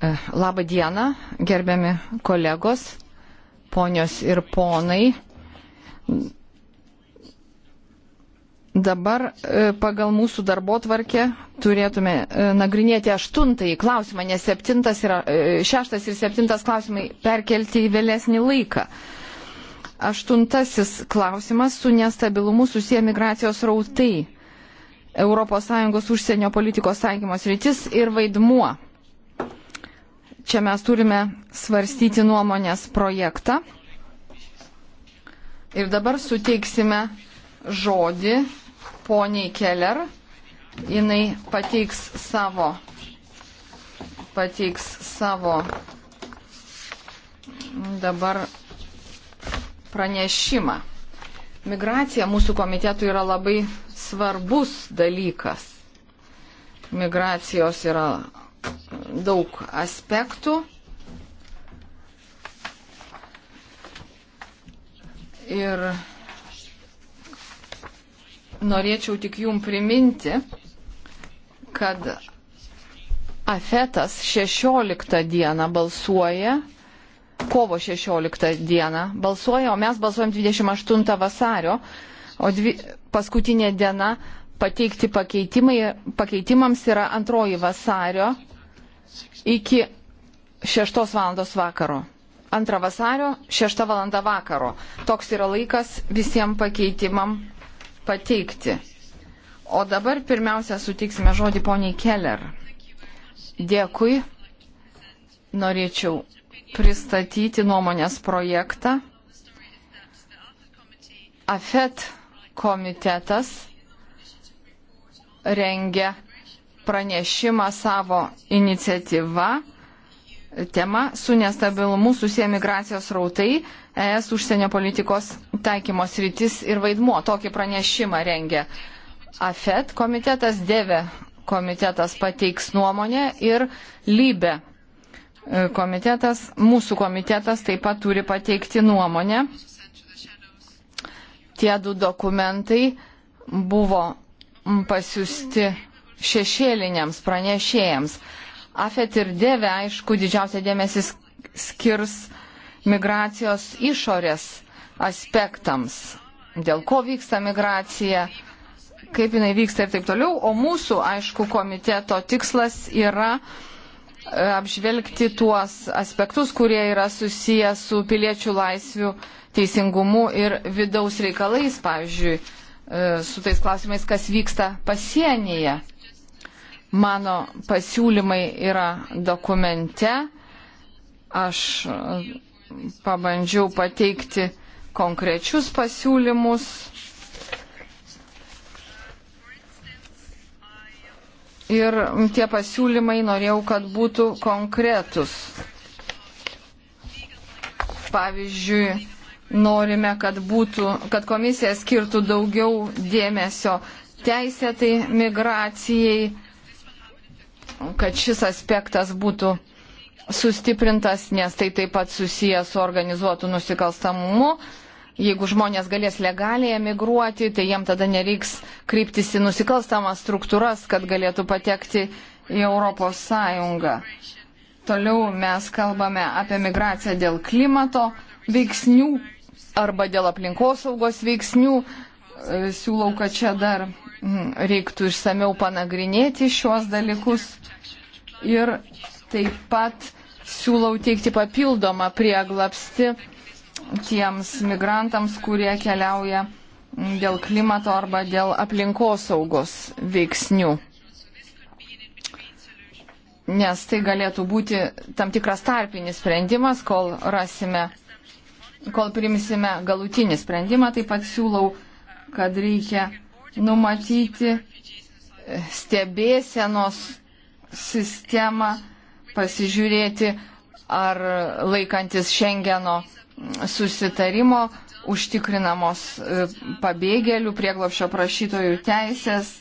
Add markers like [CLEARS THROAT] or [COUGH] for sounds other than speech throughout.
Eh, Labą dieną, gerbiami kolegos, ponios ir ponai. Dabar eh, pagal mūsų darbo tvarkę turėtume eh, nagrinėti aštuntąjį klausimą, nes yra, šeštas ir septintas klausimai perkelti į vėlesnį laiką. Aštuntasis klausimas su nestabilumu susiję migracijos rautai. ES užsienio politikos taikymos rytis ir vaidmuo. Čia mes turime svarstyti nuomonės projektą. Ir dabar suteiksime žodį poniai Keller. Jis pateiks savo, pateiks savo dabar pranešimą. Migracija mūsų komitetui yra labai svarbus dalykas. Migracijos yra daug aspektų. Ir norėčiau tik jum priminti, kad Afetas 16 dieną balsuoja, kovo 16 dieną balsuoja, o mes balsuojam 28 vasario, o dvi, paskutinė diena pateikti pakeitimams yra antroji vasario iki 6 val. vakaro. 2 vasario 6 val. vakaro. Toks yra laikas visiems pakeitimam pateikti. O dabar pirmiausia sutiksime žodį poniai Keller. Dėkui. Norėčiau pristatyti nuomonės projektą. AFET komitetas rengia pranešimą savo iniciatyvą. Tema su nestabilumu susiję migracijos rautai, ES užsienio politikos taikymos rytis ir vaidmuo. Tokį pranešimą rengia AFET komitetas, DEVE e komitetas pateiks nuomonę ir LYBE komitetas, mūsų komitetas taip pat turi pateikti nuomonę. Tie du dokumentai buvo pasiūsti šešėliniams pranešėjams. Afet ir Dėvė, aišku, didžiausia dėmesį skirs migracijos išorės aspektams, dėl ko vyksta migracija, kaip jinai vyksta ir taip toliau. O mūsų, aišku, komiteto tikslas yra e, apžvelgti tuos aspektus, kurie yra susiję su piliečių laisvių teisingumu ir vidaus reikalais, pavyzdžiui, e, su tais klausimais, kas vyksta pasienyje. Mano pasiūlymai yra dokumente. Aš e, pabandžiau pateikti konkrečius pasiūlymus. Ir tie pasiūlymai norėjau, kad būtų konkretus. Pavyzdžiui, Norime, kad, būtų, kad komisija skirtų daugiau dėmesio teisėtai migracijai, kad šis aspektas būtų sustiprintas, nes tai taip pat susijęs su organizuotu nusikalstamumu jeigu žmonės galės legaliai emigruoti, tai jiem tada nereiks kryptis į nusikalstamas struktūras, kad galėtų patekti į Europos Sąjungą. Toliau mes kalbame apie migraciją dėl klimato veiksnių arba dėl aplinkosaugos veiksnių. E, siūlau, kad čia dar mhm, reiktų išsameu panagrinėti šios dalykus. Ir taip pat siūlau teikti papildomą prieglapsti tiems migrantams, kurie keliauja dėl klimato arba dėl aplinkosaugos veiksnių. Nes tai galėtų būti tam tikras tarpinis sprendimas, kol rasime kol primsime galutinį sprendimą, taip pat siūlau, kad reikia numatyti e, stebėsenos sistemą, pasižiūrėti, ar laikantis Šengeno susitarimo užtikrinamos e, pabėgėlių prieglopšio prašytojų teisės.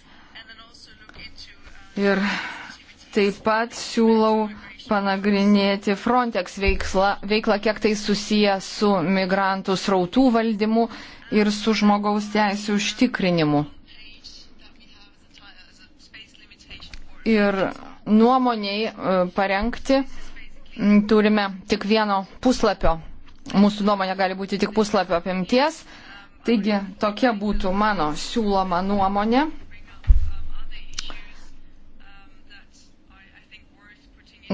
Ir taip pat siūlau panagrinėti Frontex veiklą, veiklą, kiek tai susiję su migrantų srautų valdymu ir su žmogaus teisų užtikrinimu. Ir nuomoniai e, parengti turime tik vieno puslapio. Mūsų nuomonė gali būti tik puslapio apimties. Taigi tokia būtų mano siūloma nuomonė.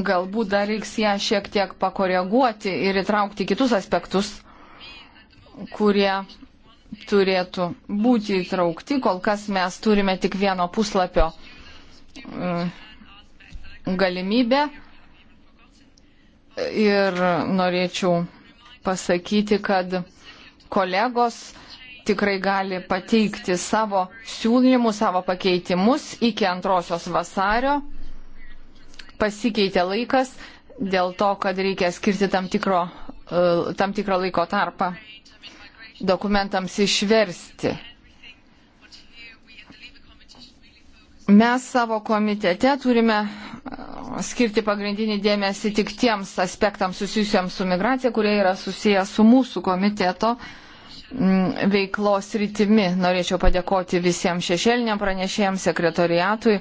Galbūt dar reiks ją šiek tiek pakoreguoti ir įtraukti kitus aspektus, kurie turėtų būti įtraukti. Kol kas mes turime tik vieno puslapio mm, galimybę. Ir norėčiau pasakyti, kad kolegos tikrai gali pateikti savo siūlymus, savo pakeitimus iki antrosios vasario pasikeitė laikas dėl to, kad reikia skirti tam, tikro, e, tam tikrą laiko tarpą dokumentams išversti. Mes savo komitete turime e, skirti pagrindinį dėmesį tik tiems aspektams susijusiems su migracija, kurie yra susijęs su mūsų komiteto mm, veiklos rytimi. Norėčiau padėkoti visiems šešėliniam pranešėjams, sekretoriatui,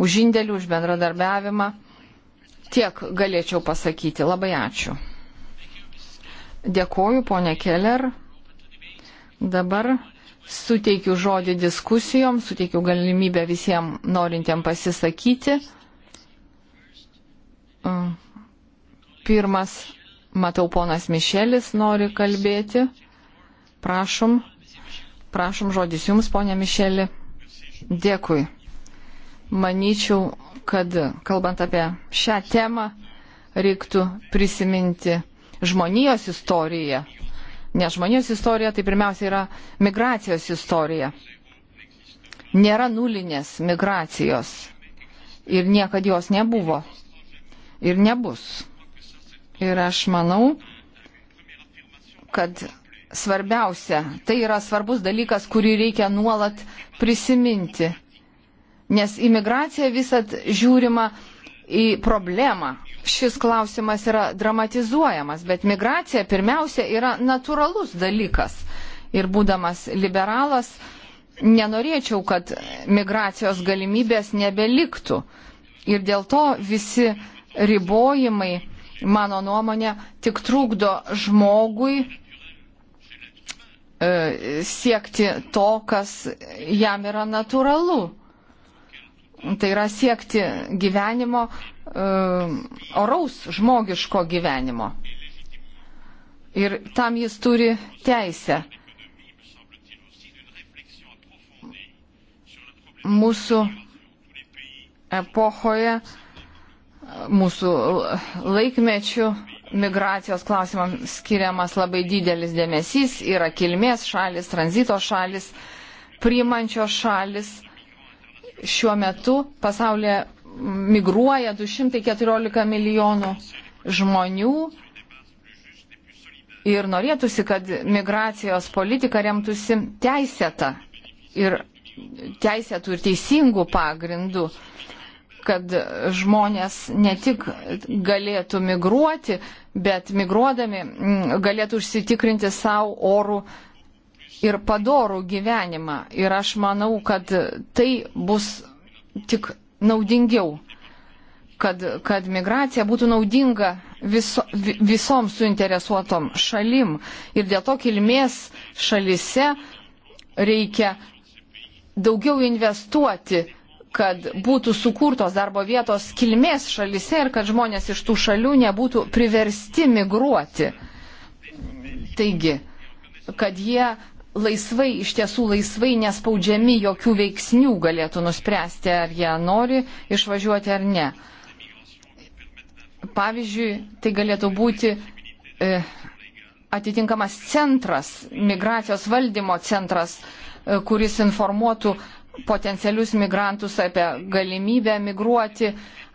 už indėlį, už bendradarbiavimą. Tiek galėčiau pasakyti. Labai ačiū. Dėkoju, ponė Keller. Dabar suteikiu žodį diskusijom, suteikiu galimybę visiems norintiem pasisakyti. E, pirmas, matau, ponas Mišelis nori kalbėti. Prašom, prašom žodis jums, ponė Mišeli. Dėkui. Manyčiau, kad, kalbant apie šią temą, reiktų prisiminti žmonijos istoriją. Nes žmonijos istorija tai pirmiausia yra migracijos istorija. Nėra nulinės migracijos ir niekad jos nebuvo ir nebus. Ir aš manau, kad svarbiausia, tai yra svarbus dalykas, kurį reikia nuolat prisiminti nes imigracija visat žiūrima į problemą. Šis klausimas yra dramatizuojamas, bet migracija pirmiausia yra natūralus dalykas. Ir būdamas liberalas, nenorėčiau, kad migracijos galimybės nebeliktų. Ir dėl to visi ribojimai, mano nuomonė, tik trukdo žmogui e, siekti to, kas jam yra natūralu. Tai yra siekti gyvenimo, e, oraus žmogiško gyvenimo. Ir tam jis turi teisę. Mūsų epochoje, mūsų laikmečių migracijos klausimams skiriamas labai didelis dėmesys, yra kilmės šalis, tranzito šalis, priimančios šalis šiuo metu pasaulyje migruoja 214 milijonų žmonių ir norėtųsi, kad migracijos politika remtųsi teisėta ir teisėtų ir teisingų pagrindų, kad žmonės ne tik galėtų migruoti, bet migruodami mm, galėtų užsitikrinti savo orų ir padorų gyvenimą. Ir aš manau, kad tai bus tik naudingiau, kad, kad migracija būtų naudinga viso, visom suinteresuotom šalim. Ir dėl to kilmės šalise reikia daugiau investuoti kad būtų sukurtos darbo vietos kilmės šalise ir kad žmonės iš tų šalių nebūtų priversti migruoti. Taigi, kad jie laisvai, iš tiesų laisvai nespaudžiami jokių veiksnių galėtų nuspręsti, ar jie nori išvažiuoti ar ne. Pavyzdžiui, tai galėtų būti e, atitinkamas centras, migracijos valdymo centras, e, kuris informuotų potencialius migrantus apie galimybę migruoti,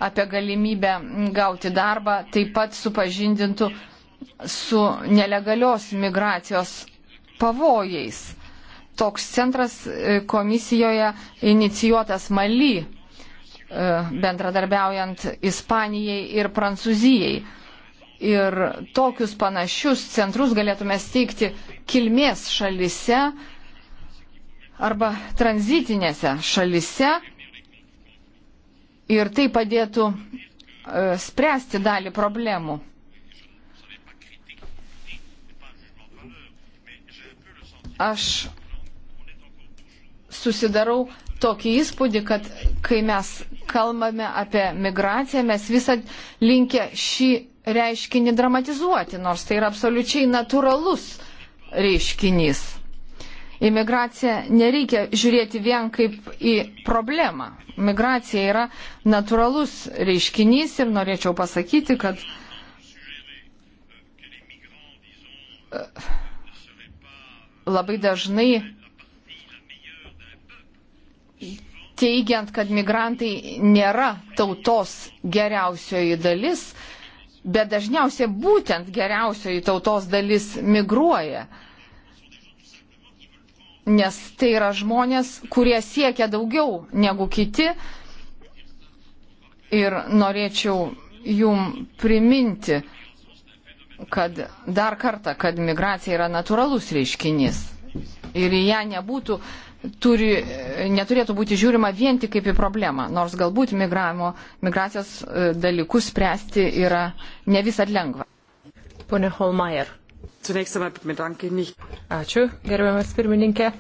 apie galimybę gauti darbą, taip pat supažindintų su nelegalios migracijos pavojais. Toks centras e, komisijoje inicijuotas Mali, e, bendradarbiaujant Ispanijai ir Prancūzijai. Ir tokius panašius centrus galėtume steigti kilmės šalise arba tranzitinėse šalise. Ir tai padėtų e, spręsti dalį problemų. aš susidarau tokį įspūdį, kad kai mes kalbame apie migraciją, mes visą linkę šį reiškinį dramatizuoti, nors tai yra absoliučiai natūralus reiškinys. Imigraciją nereikia žiūrėti vien kaip į problemą. Migracija yra natūralus reiškinys ir norėčiau pasakyti, kad labai dažnai teigiant, kad migrantai nėra tautos geriausioji dalis, bet dažniausiai būtent geriausioji tautos dalis migruoja. Nes tai yra žmonės, kurie siekia daugiau negu kiti. Ir norėčiau jum priminti, kad dar kartą, kad migracija yra natūralus reiškinys ir į ją nebūtų, turi, neturėtų būti žiūrima vien tik kaip į problemą, nors galbūt migravimo, migracijos e, dalykus spręsti yra ne visat lengva. Pone Holmeier. Ačiū, gerbiamas pirmininkė.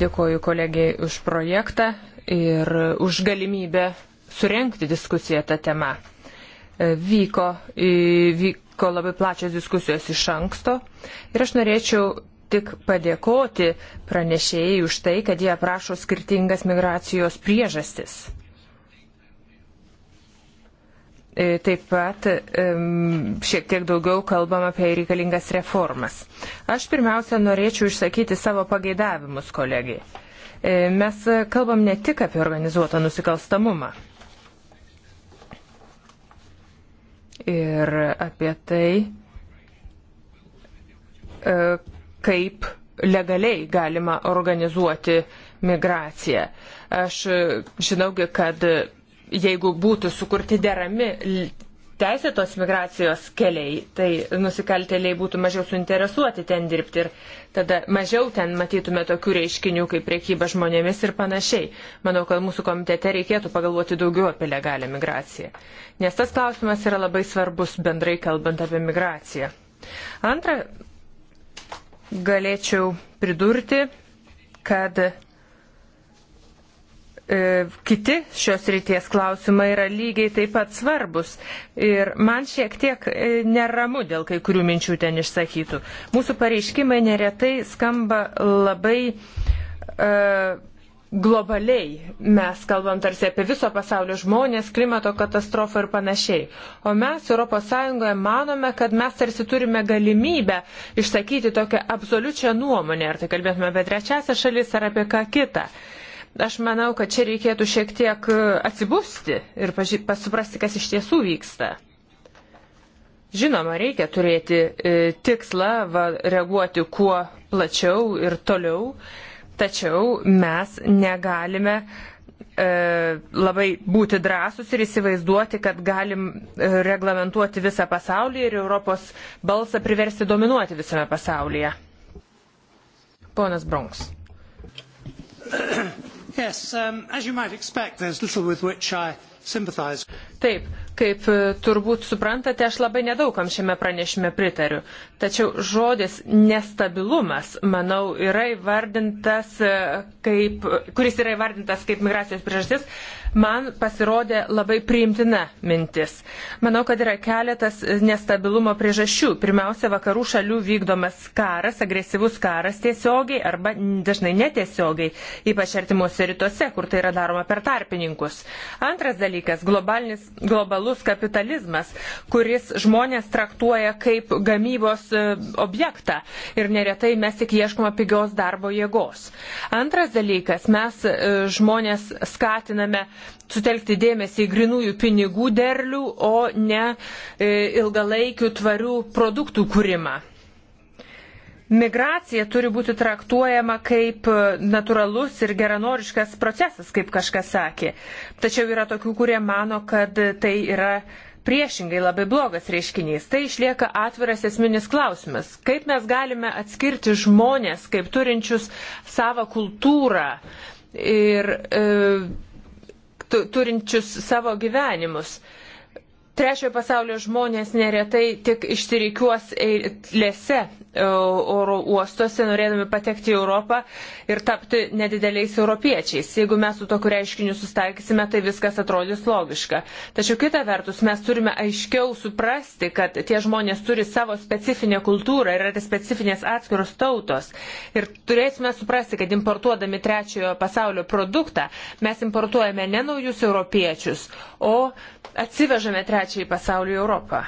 Dėkuoju kolegijai už projektą ir už galimybę surenkti diskusiją tą temą vyko, vyko labai plačios diskusijos iš anksto ir aš norėčiau tik padėkoti pranešėjai už tai, kad jie aprašo skirtingas migracijos priežastis. E, taip pat šiek tiek daugiau kalbam apie reikalingas reformas. Aš pirmiausia norėčiau išsakyti savo pageidavimus kolegiai. E, mes kalbam ne tik apie organizuotą nusikalstamumą. ir apie tai, e, kaip legaliai galima organizuoti migraciją. Aš žinaugi, kad jeigu būtų sukurti derami teisėtos migracijos keliai, tai nusikaltėliai būtų mažiau suinteresuoti ten dirbti ir tada mažiau ten matytume tokių reiškinių kaip priekyba žmonėmis ir panašiai. Manau, kad mūsų komitete reikėtų pagalvoti daugiau apie legalią migraciją, nes tas klausimas yra labai svarbus bendrai kalbant apie migraciją. Antra, galėčiau pridurti, kad E, kiti šios ryties klausimai yra lygiai taip pat svarbus. Ir man šiek tiek e, neramu dėl kai kurių minčių ten išsakytų. Mūsų pareiškimai neretai skamba labai uh, globaliai. Mes kalbam tarsi apie viso pasaulio žmonės, klimato katastrofą ir panašiai. O mes ES manome, kad mes tarsi turime galimybę išsakyti tokią absoliučią nuomonę, ar tai kalbėtume apie trečiasią šalis ar apie ką kitą. Uh, Aš manau, kad čia reikėtų šiek tiek e, atsibusti ir pasuprasti, kas iš tiesų vyksta. Žinoma, reikia turėti e, tikslą va, reaguoti kuo plačiau ir toliau, tačiau mes negalime e, labai būti drąsus ir įsivaizduoti, kad galim e, reglamentuoti visą pasaulį ir Europos balsą priversti dominuoti visame pasaulyje. Ponas Bronks. [COUGHS] Yes, um, as you might expect, there's little with which I sympathize. Taip, kaip e, turbūt suprantate, aš labai nedaugam šiame pranešime pritariu. Tačiau žodis nestabilumas, manau, yra įvardintas e, kaip, kuris yra įvardintas kaip migracijos priežastis, man pasirodė labai priimtina mintis. Manau, kad yra keletas nestabilumo priežasčių. Pirmiausia, vakarų šalių vykdomas karas, agresyvus karas tiesiogiai arba dažnai netiesiogiai, ypač artimuose rytuose, kur tai yra daroma per tarpininkus. Antras dalykas - globalus kapitalizmas, kuris žmonės traktuoja kaip gamybos e, objektą ir neretai mes tik ieškome pigios darbo jėgos. Antras dalykas - mes e, žmonės skatiname sutelkti dėmesį į grinųjų pinigų derlių, o ne e, ilgalaikių tvarių produktų kūrimą. Migracija turi būti traktuojama kaip e, natūralus ir geranoriškas procesas, kaip kažkas sakė. Tačiau yra tokių, kurie mano, kad tai yra priešingai labai blogas reiškinys. Tai išlieka atviras esminis klausimas. Kaip mes galime atskirti žmonės kaip turinčius savo kultūrą ir. E, turinčius savo gyvenimus. Trečiojo pasaulio žmonės neretai tik išsirikiuos eilėse e, oro uostuose, norėdami patekti į Europą ir tapti nedideliais europiečiais. Jeigu mes su tokiu reiškiniu sustaikysime, tai viskas atrodys logiška. Tačiau kita vertus, mes turime aiškiau suprasti, kad tie žmonės turi savo specifinę kultūrą ir yra specifinės atskiros tautos. Ir turėsime suprasti, kad importuodami trečiojo pasaulio produktą mes importuojame ne naujus europiečius, o atsivežame trečiojo trečiai pasaulio Europą.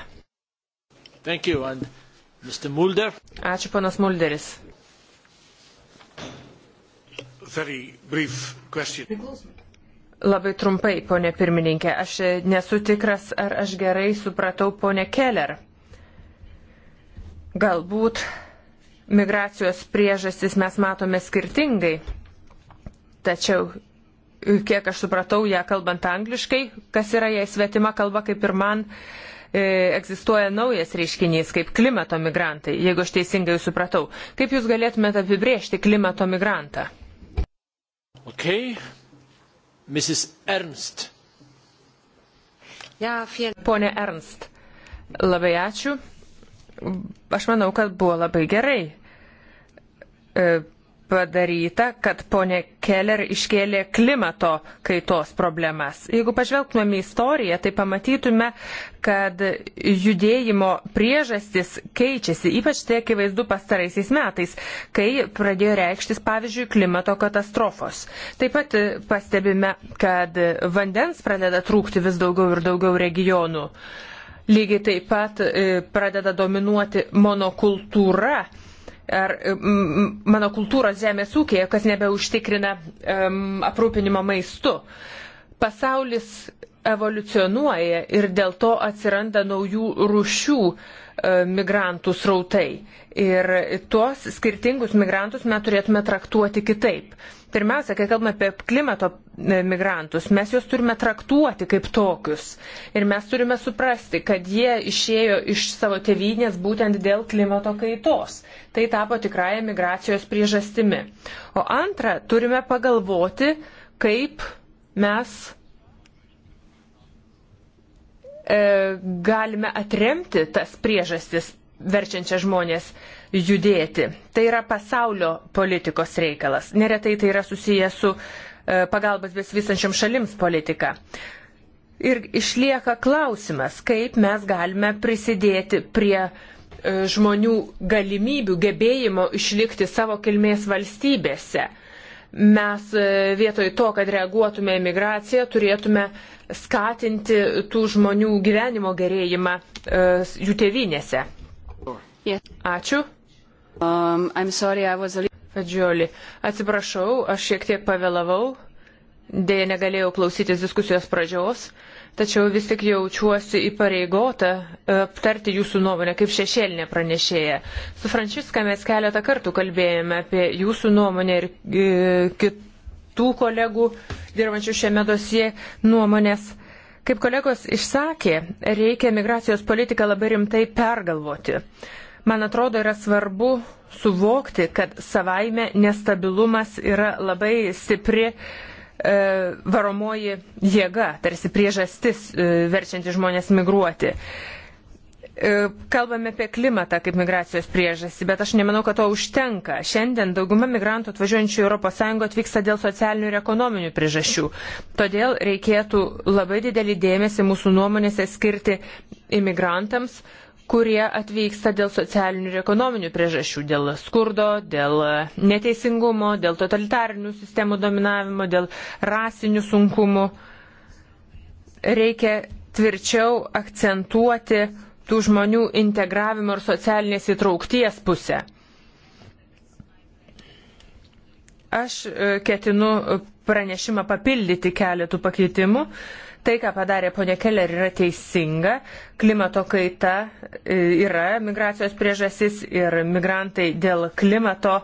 Ačiū, panas Mulderis. Labai trumpai, ponė pirmininkė, aš nesu tikras, ar aš gerai supratau ponę Keller. Galbūt migracijos priežastis mes matome skirtingai, tačiau kiek aš supratau ją kalbant angliškai, kas yra jai svetima kalba kaip ir man, e, egzistuoja naujas reiškinys kaip klimato migrantai, jeigu aš teisingai jūs supratau. Kaip jūs galėtumėte apibriežti klimato migrantą? Okay. Mrs. Ernst. Ja, vien... Pone Ernst, labai ačiū. Aš manau, kad buvo labai gerai. E, padaryta, kad ponė Keller iškėlė klimato kaitos problemas. Jeigu pažvelgtumėm į istoriją, tai pamatytume, kad judėjimo priežastis keičiasi, ypač tai akivaizdu pastaraisiais metais, kai pradėjo reikštis, pavyzdžiui, klimato katastrofos. Taip pat pastebime, kad vandens pradeda trūkti vis daugiau ir daugiau regionų. Lygiai taip pat e, pradeda dominuoti monokultūra ar mano kultūros žemės ūkėje, kas nebeužtikrina um, aprūpinimo maistu. Pasaulis evoliucionuoja ir dėl to atsiranda naujų rušių uh, E, migrantų srautai. Ir tuos skirtingus migrantus mes turėtume traktuoti kitaip. Pirmiausia, kai kalbame apie klimato e, migrantus, mes juos turime traktuoti kaip tokius. Ir mes turime suprasti, kad jie išėjo iš savo tėvynės būtent dėl klimato kaitos. Tai tapo tikrąją migracijos priežastimi. O antra, turime pagalvoti, kaip mes E, galime atremti tas priežastis verčiančią žmonės judėti. Tai yra pasaulio politikos reikalas. Neretai tai yra susijęs su e, pagalbas besivysančiam šalims politika. Ir išlieka klausimas, kaip mes galime prisidėti prie e, žmonių galimybių, gebėjimo išlikti savo kilmės valstybėse. Mes vietoj to, kad reaguotume į migraciją, turėtume skatinti tų žmonių gyvenimo gerėjimą e, jų tėvynėse. Ačiū. Um, sorry, a... Fadžioli, atsiprašau, aš šiek tiek pavėlavau, dėja negalėjau klausytis diskusijos pradžios, tačiau vis tik jaučiuosi įpareigota e, aptarti jūsų nuomonę kaip šešėlinė pranešėja. Su Frančiska mes keletą kartų kalbėjome apie jūsų nuomonę ir e, kitų kitų kolegų dirbančių šiame dosie nuomonės. Kaip kolegos išsakė, reikia migracijos politiką labai rimtai pergalvoti. Man atrodo, yra svarbu suvokti, kad savaime nestabilumas yra labai stipri e, varomoji jėga, tarsi priežastis e, verčianti žmonės migruoti. E, E, kalbame apie klimatą kaip migracijos priežastį, bet aš nemanau, kad to užtenka. Šiandien dauguma migrantų atvažiuojančių ES atvyksta dėl socialinių ir ekonominių priežasčių. Todėl reikėtų labai didelį dėmesį mūsų nuomonėse skirti imigrantams, kurie atvyksta dėl socialinių ir ekonominių priežasčių, dėl skurdo, dėl neteisingumo, dėl totalitarinių sistemų dominavimo, dėl rasinių sunkumų. Reikia tvirčiau akcentuoti tų žmonių integravimo ir socialinės įtraukties pusę. Aš e, ketinu pranešimą papildyti keletų pakeitimų. Tai, ką padarė ponė Keller, yra teisinga. Klimato kaita e, yra migracijos priežasis ir migrantai dėl klimato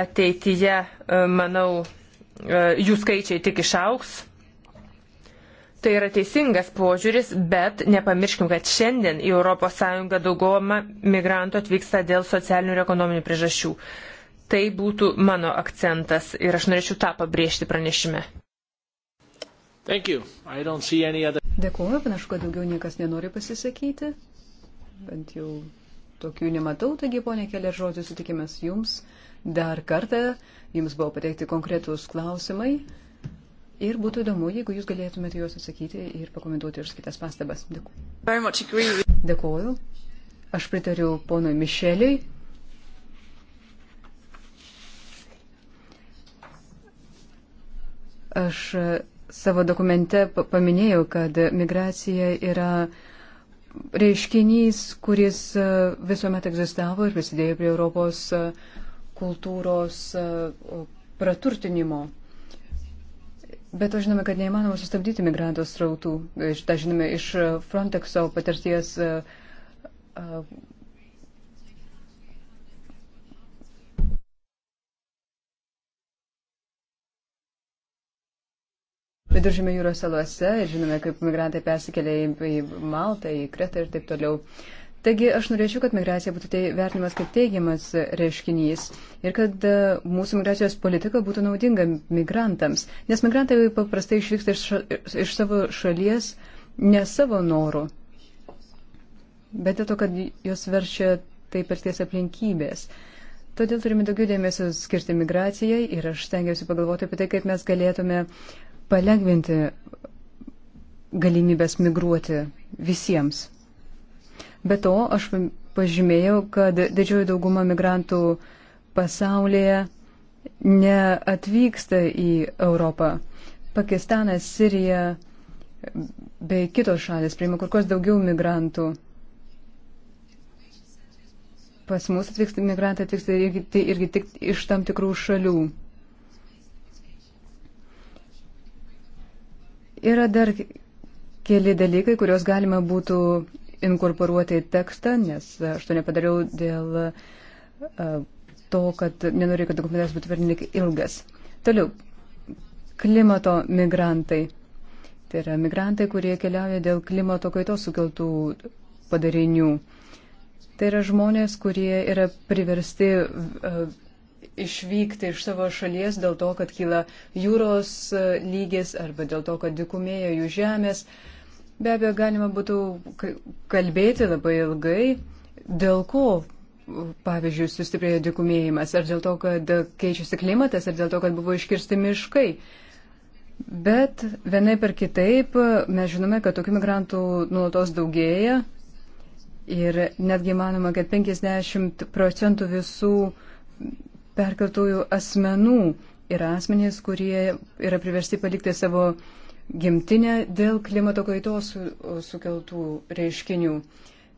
ateityje, e, manau, jų skaičiai tik išauks. Tai yra teisingas požiūris, bet nepamirškim, kad šiandien į ES daugoma migrantų atvyksta dėl socialinių ir ekonominių priežasčių. Tai būtų mano akcentas ir aš norėčiau tą pabrėžti pranešime. Other... Dėkuoju, panašu, kad daugiau niekas nenori pasisakyti. Bent jau tokių nematau, taigi, ponė, kelias žodžius sutikimės jums. Dar kartą jums buvo pateikti konkretūs klausimai. Ir būtų įdomu, jeigu jūs galėtumėte juos atsakyti ir pakomentuoti ir kitas pastabas. Dėkuoju. Dėkuoju. Aš pritariu ponui Mišeliui. Aš e, savo dokumente paminėjau, kad migracija yra reiškinys, kuris e, visuomet egzistavo ir prisidėjo prie Europos e, kultūros praturtinimo. Bet to žinome, kad neįmanoma sustabdyti migrantų srautų. Šitą žinome iš e, Frontexo patirties. E, e, Viduržymė jūros salose ir žinome, kaip migrantai persikelia į Maltą, į Kretą ir taip toliau. Uh, Taigi aš norėčiau, kad migracija būtų tai vertinimas kaip teigiamas reiškinys ir kad e, mūsų migracijos politika būtų naudinga migrantams, nes migrantai paprastai išvyksta iš, ša, iš savo šalies ne savo norų, bet dėl to, kad juos verčia taip ir ties aplinkybės. Todėl turime daugiau dėmesio skirti migracijai ir aš stengiausi pagalvoti apie tai, kaip mes galėtume palengvinti galimybės migruoti visiems. Be to, aš pažymėjau, kad didžioji dauguma migrantų pasaulyje neatvyksta į Europą. Pakistanas, Sirija bei kitos šalis priima kur kas daugiau migrantų. Pas mus atvyksta migrantai atvyksta irgi, tai irgi tik iš tam tikrų šalių. Yra dar keli dalykai, kuriuos galima būtų inkorporuoti į tekstą, nes aš to nepadariau dėl to, kad nenoriu, kad dokumentas būtų pernik ilgas. Toliau, klimato migrantai. Tai yra migrantai, kurie keliauja dėl klimato kaitos sukeltų padarinių. Tai yra žmonės, kurie yra priversti išvykti iš savo šalies dėl to, kad kyla jūros lygis arba dėl to, kad dikumėja jų žemės. Uh, Be abejo, galima būtų kalbėti labai ilgai, dėl ko, pavyzdžiui, sustiprėjo dikumėjimas, ar dėl to, kad keičiasi klimatas, ar dėl to, kad buvo iškirsti miškai. Bet vienai per kitaip mes žinome, kad tokių migrantų nuolatos daugėja ir netgi manoma, kad 50 procentų visų perkeltųjų asmenų yra asmenys, kurie yra priversti palikti savo uh, gimtinę dėl klimato kaitos sukeltų reiškinių.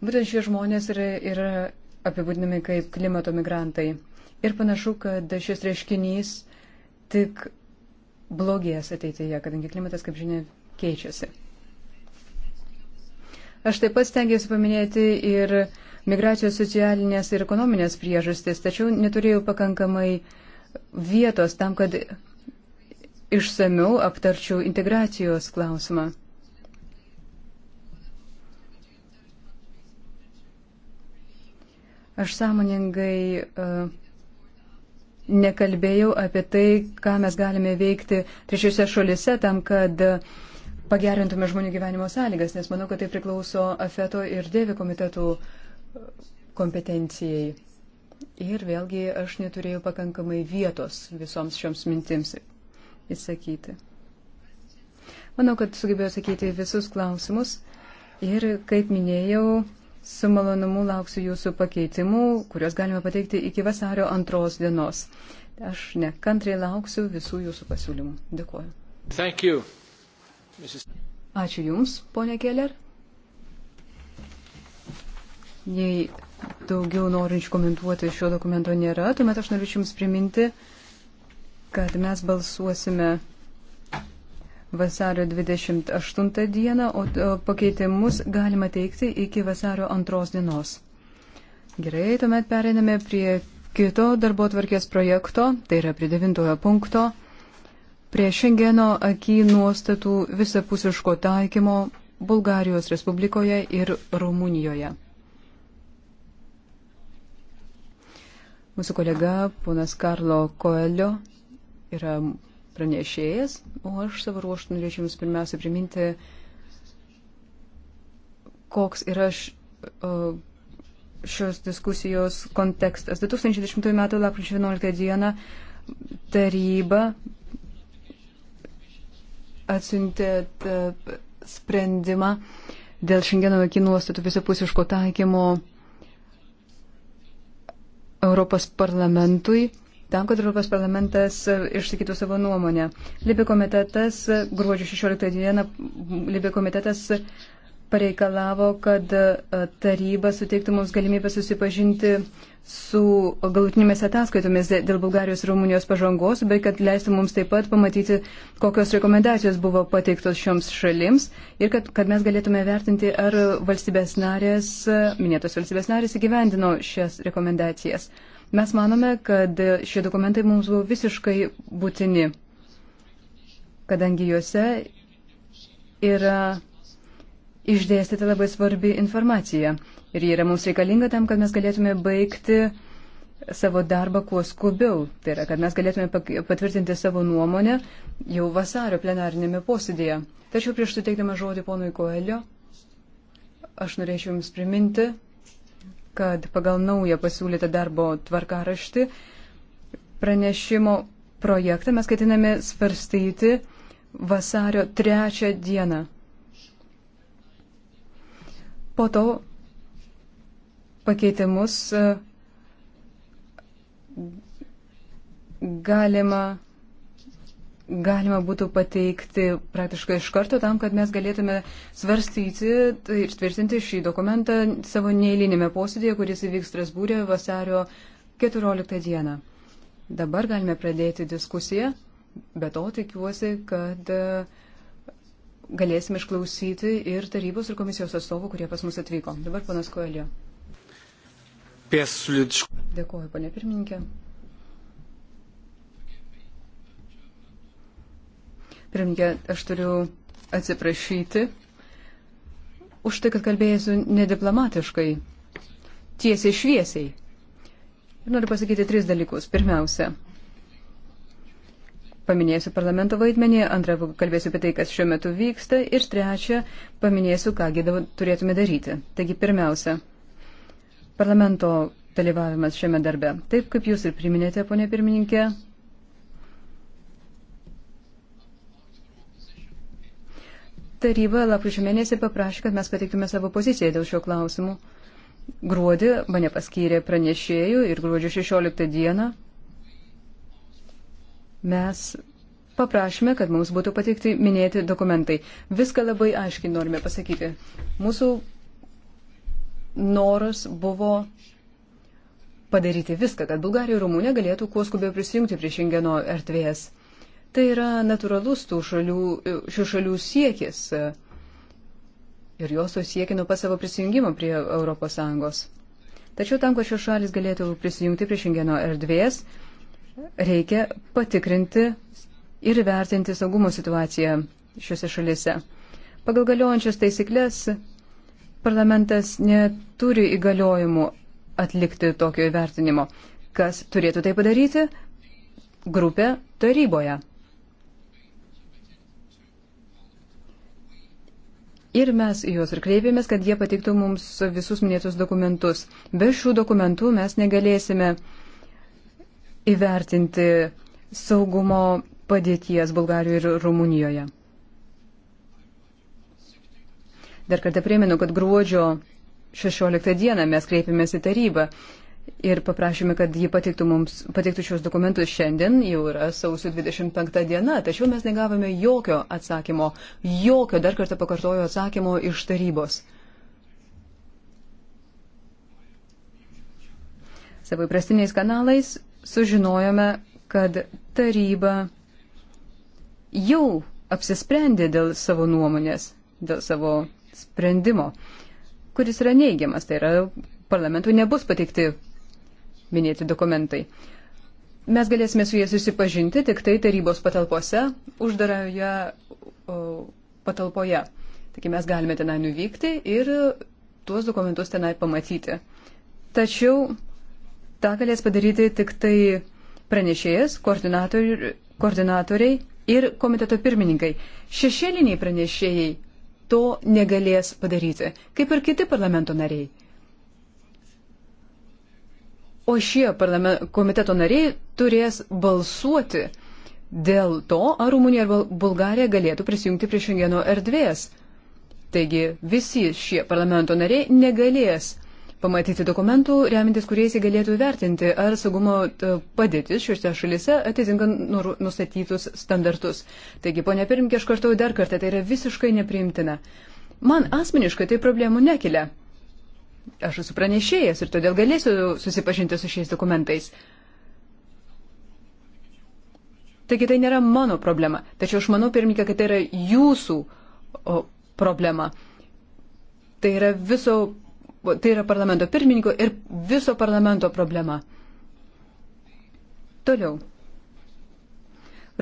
Būtent šie žmonės yra, yra apibūdinami kaip klimato migrantai. Ir panašu, kad šis reiškinys tik blogės ateityje, kadangi klimatas, kaip žinia, keičiasi. Aš taip pat stengiuosi paminėti ir migracijos socialinės ir ekonominės priežastis, tačiau neturėjau pakankamai vietos tam, kad išsamiau aptarčiau integracijos klausimą. Aš sąmoningai uh, nekalbėjau apie tai, ką mes galime veikti trečiose šalise tam, kad pagerintume žmonių gyvenimo sąlygas, nes manau, kad tai priklauso AFETO ir DEVI komitetų e, kompetencijai. Ir vėlgi aš neturėjau pakankamai vietos visoms šioms mintims įsakyti. Manau, kad sugebėjau sakyti visus klausimus ir, kaip minėjau, su malonumu lauksiu jūsų pakeitimų, kuriuos galime pateikti iki vasario antros dienos. Aš nekantriai lauksiu visų jūsų pasiūlymų. Dėkuoju. Thank you, Mrs. Ačiū Jums, ponė Keller. Jei daugiau norinčių komentuoti šio dokumento nėra, tuomet aš norėčiau Jums priminti, kad mes balsuosime vasario 28 dieną, o pakeitimus galima teikti iki vasario 2 dienos. Gerai, tuomet periname prie kito darbo tvarkės projekto, tai yra prie 9 punkto, prie Šengeno akį nuostatų visapusiško taikymo Bulgarijos Respublikoje ir Rumunijoje. Mūsų kolega, ponas Karlo Koelio, yra pranešėjas, o aš savo ruoštų norėčiau Jums pirmiausia priminti, koks yra šios diskusijos kontekstas. 2010 m. lapkričio 11 d. taryba atsiuntė e, sprendimą dėl šiandieno iki nuostatų visapusiško taikymo Europos parlamentui tam, kad Europos parlamentas išsakytų savo nuomonę. Libė komitetas, gruodžio 16 dieną, Libė komitetas pareikalavo, kad e, taryba suteiktų mums galimybę susipažinti su galutinėmis ataskaitomis dėl Bulgarijos ir Rumunijos pažangos, bei kad leistų mums taip pat pamatyti, kokios rekomendacijos buvo pateiktos šioms šalims ir kad, kad mes galėtume vertinti, ar valstybės narės, minėtos valstybės narės įgyvendino šias rekomendacijas. Uh, Mes manome, kad šie dokumentai mums buvo visiškai būtini, kadangi juose yra išdėstyti labai svarbi informacija ir ji yra mums reikalinga tam, kad mes galėtume baigti savo darbą kuo skubiau. Tai yra, kad mes galėtume patvirtinti savo nuomonę jau vasario plenarinėme posėdėje. Tačiau prieš suteikdama žodį ponui Koelio, aš norėčiau Jums priminti, kad pagal naują pasiūlytą darbo tvarkaraštį pranešimo projektą mes ketiname svarstyti vasario trečią dieną. Po to pakeitimus e, galima galima būtų pateikti praktiškai iš karto tam, kad mes galėtume svarstyti ir tvirtinti šį dokumentą savo neįlinėme posėdėje, kuris įvyks Strasbūrė vasario 14 dieną. Dabar galime pradėti diskusiją, bet to tikiuosi, kad e, galėsime išklausyti ir tarybos ir komisijos atstovų, kurie pas mus atvyko. Dabar panas Koelio. Dėkuoju, ponė pirmininkė. Pirmininkė, aš turiu atsiprašyti už tai, kad kalbėjusiu nediplomatiškai, tiesiai šviesiai. Ir noriu pasakyti tris dalykus. Pirmiausia, paminėsiu parlamento vaidmenį, antra, kalbėsiu apie tai, kas šiuo metu vyksta ir trečia, paminėsiu, kągi turėtume daryti. Taigi, pirmiausia, parlamento dalyvavimas šiame darbe. Taip kaip jūs ir priminėte, ponė pirmininkė, taryba lapkričio mėnesį paprašė, kad mes pateiktume savo poziciją dėl šio klausimų. Gruodį mane paskyrė pranešėjų ir gruodžio 16 dieną mes paprašėme, kad mums būtų pateikti minėti dokumentai. Viską labai aiškiai norime pasakyti. Mūsų noras buvo padaryti viską, kad Bulgarija ir Rumunija galėtų kuo skubiau prisijungti prie Šengeno erdvės. Tai yra natūralus tų šalių, šių šalių siekis. Ir jos to siekia nuo pat savo prisijungimo prie ES. Tačiau tam, kad šios šalis galėtų prisijungti prie šengeno erdvės, reikia patikrinti ir vertinti saugumo situaciją šiuose šalise. Pagal galiojančias taisyklės parlamentas neturi įgaliojimų atlikti tokio įvertinimo. Kas turėtų tai padaryti? Grupė taryboje. Ir mes juos ir kreipėmės, kad jie patiktų mums visus minėtus dokumentus. Be šių dokumentų mes negalėsime įvertinti saugumo padėties Bulgarijoje ir Rumunijoje. Dar kartą primenu, kad gruodžio 16 dieną mes kreipėmės į tarybą ir paprašėme, kad ji pateiktų, mums, pateiktų šios dokumentus šiandien, jau yra sausio 25 diena, tačiau mes negavome jokio atsakymo, jokio, dar kartą pakartoju, atsakymo iš tarybos. Savo įprastiniais kanalais sužinojome, kad taryba jau apsisprendė dėl savo nuomonės, dėl savo sprendimo, kuris yra neigiamas, tai yra parlamentui nebus pateikti minėti dokumentai. Mes galėsime su jais susipažinti tik tai tarybos patalpose, uždaroje patalpoje. Taigi mes galime tenai nuvykti ir tuos dokumentus tenai pamatyti. Tačiau tą galės padaryti tik tai pranešėjas, koordinatoriai, koordinatoriai ir komiteto pirmininkai. Šešėliniai pranešėjai to negalės padaryti, kaip ir kiti parlamento nariai o šie komiteto nariai turės balsuoti dėl to, ar Rumunija ar Bulgarija galėtų prisijungti prie Šengeno erdvės. Taigi visi šie parlamento nariai negalės pamatyti dokumentų, remintis kuriais jie galėtų vertinti, ar saugumo e, padėtis šiuose šalise atitinka nustatytus standartus. Taigi, ponia pirmkė, aš kartuoju dar kartą, tai yra visiškai nepriimtina. Man asmeniškai tai problemų nekelia aš esu pranešėjas ir todėl galėsiu susipažinti su šiais dokumentais. Taigi tai nėra mano problema, tačiau aš manau, pirmininkė, kad tai yra jūsų problema. Tai yra viso, tai yra parlamento pirmininko ir viso parlamento problema. Toliau.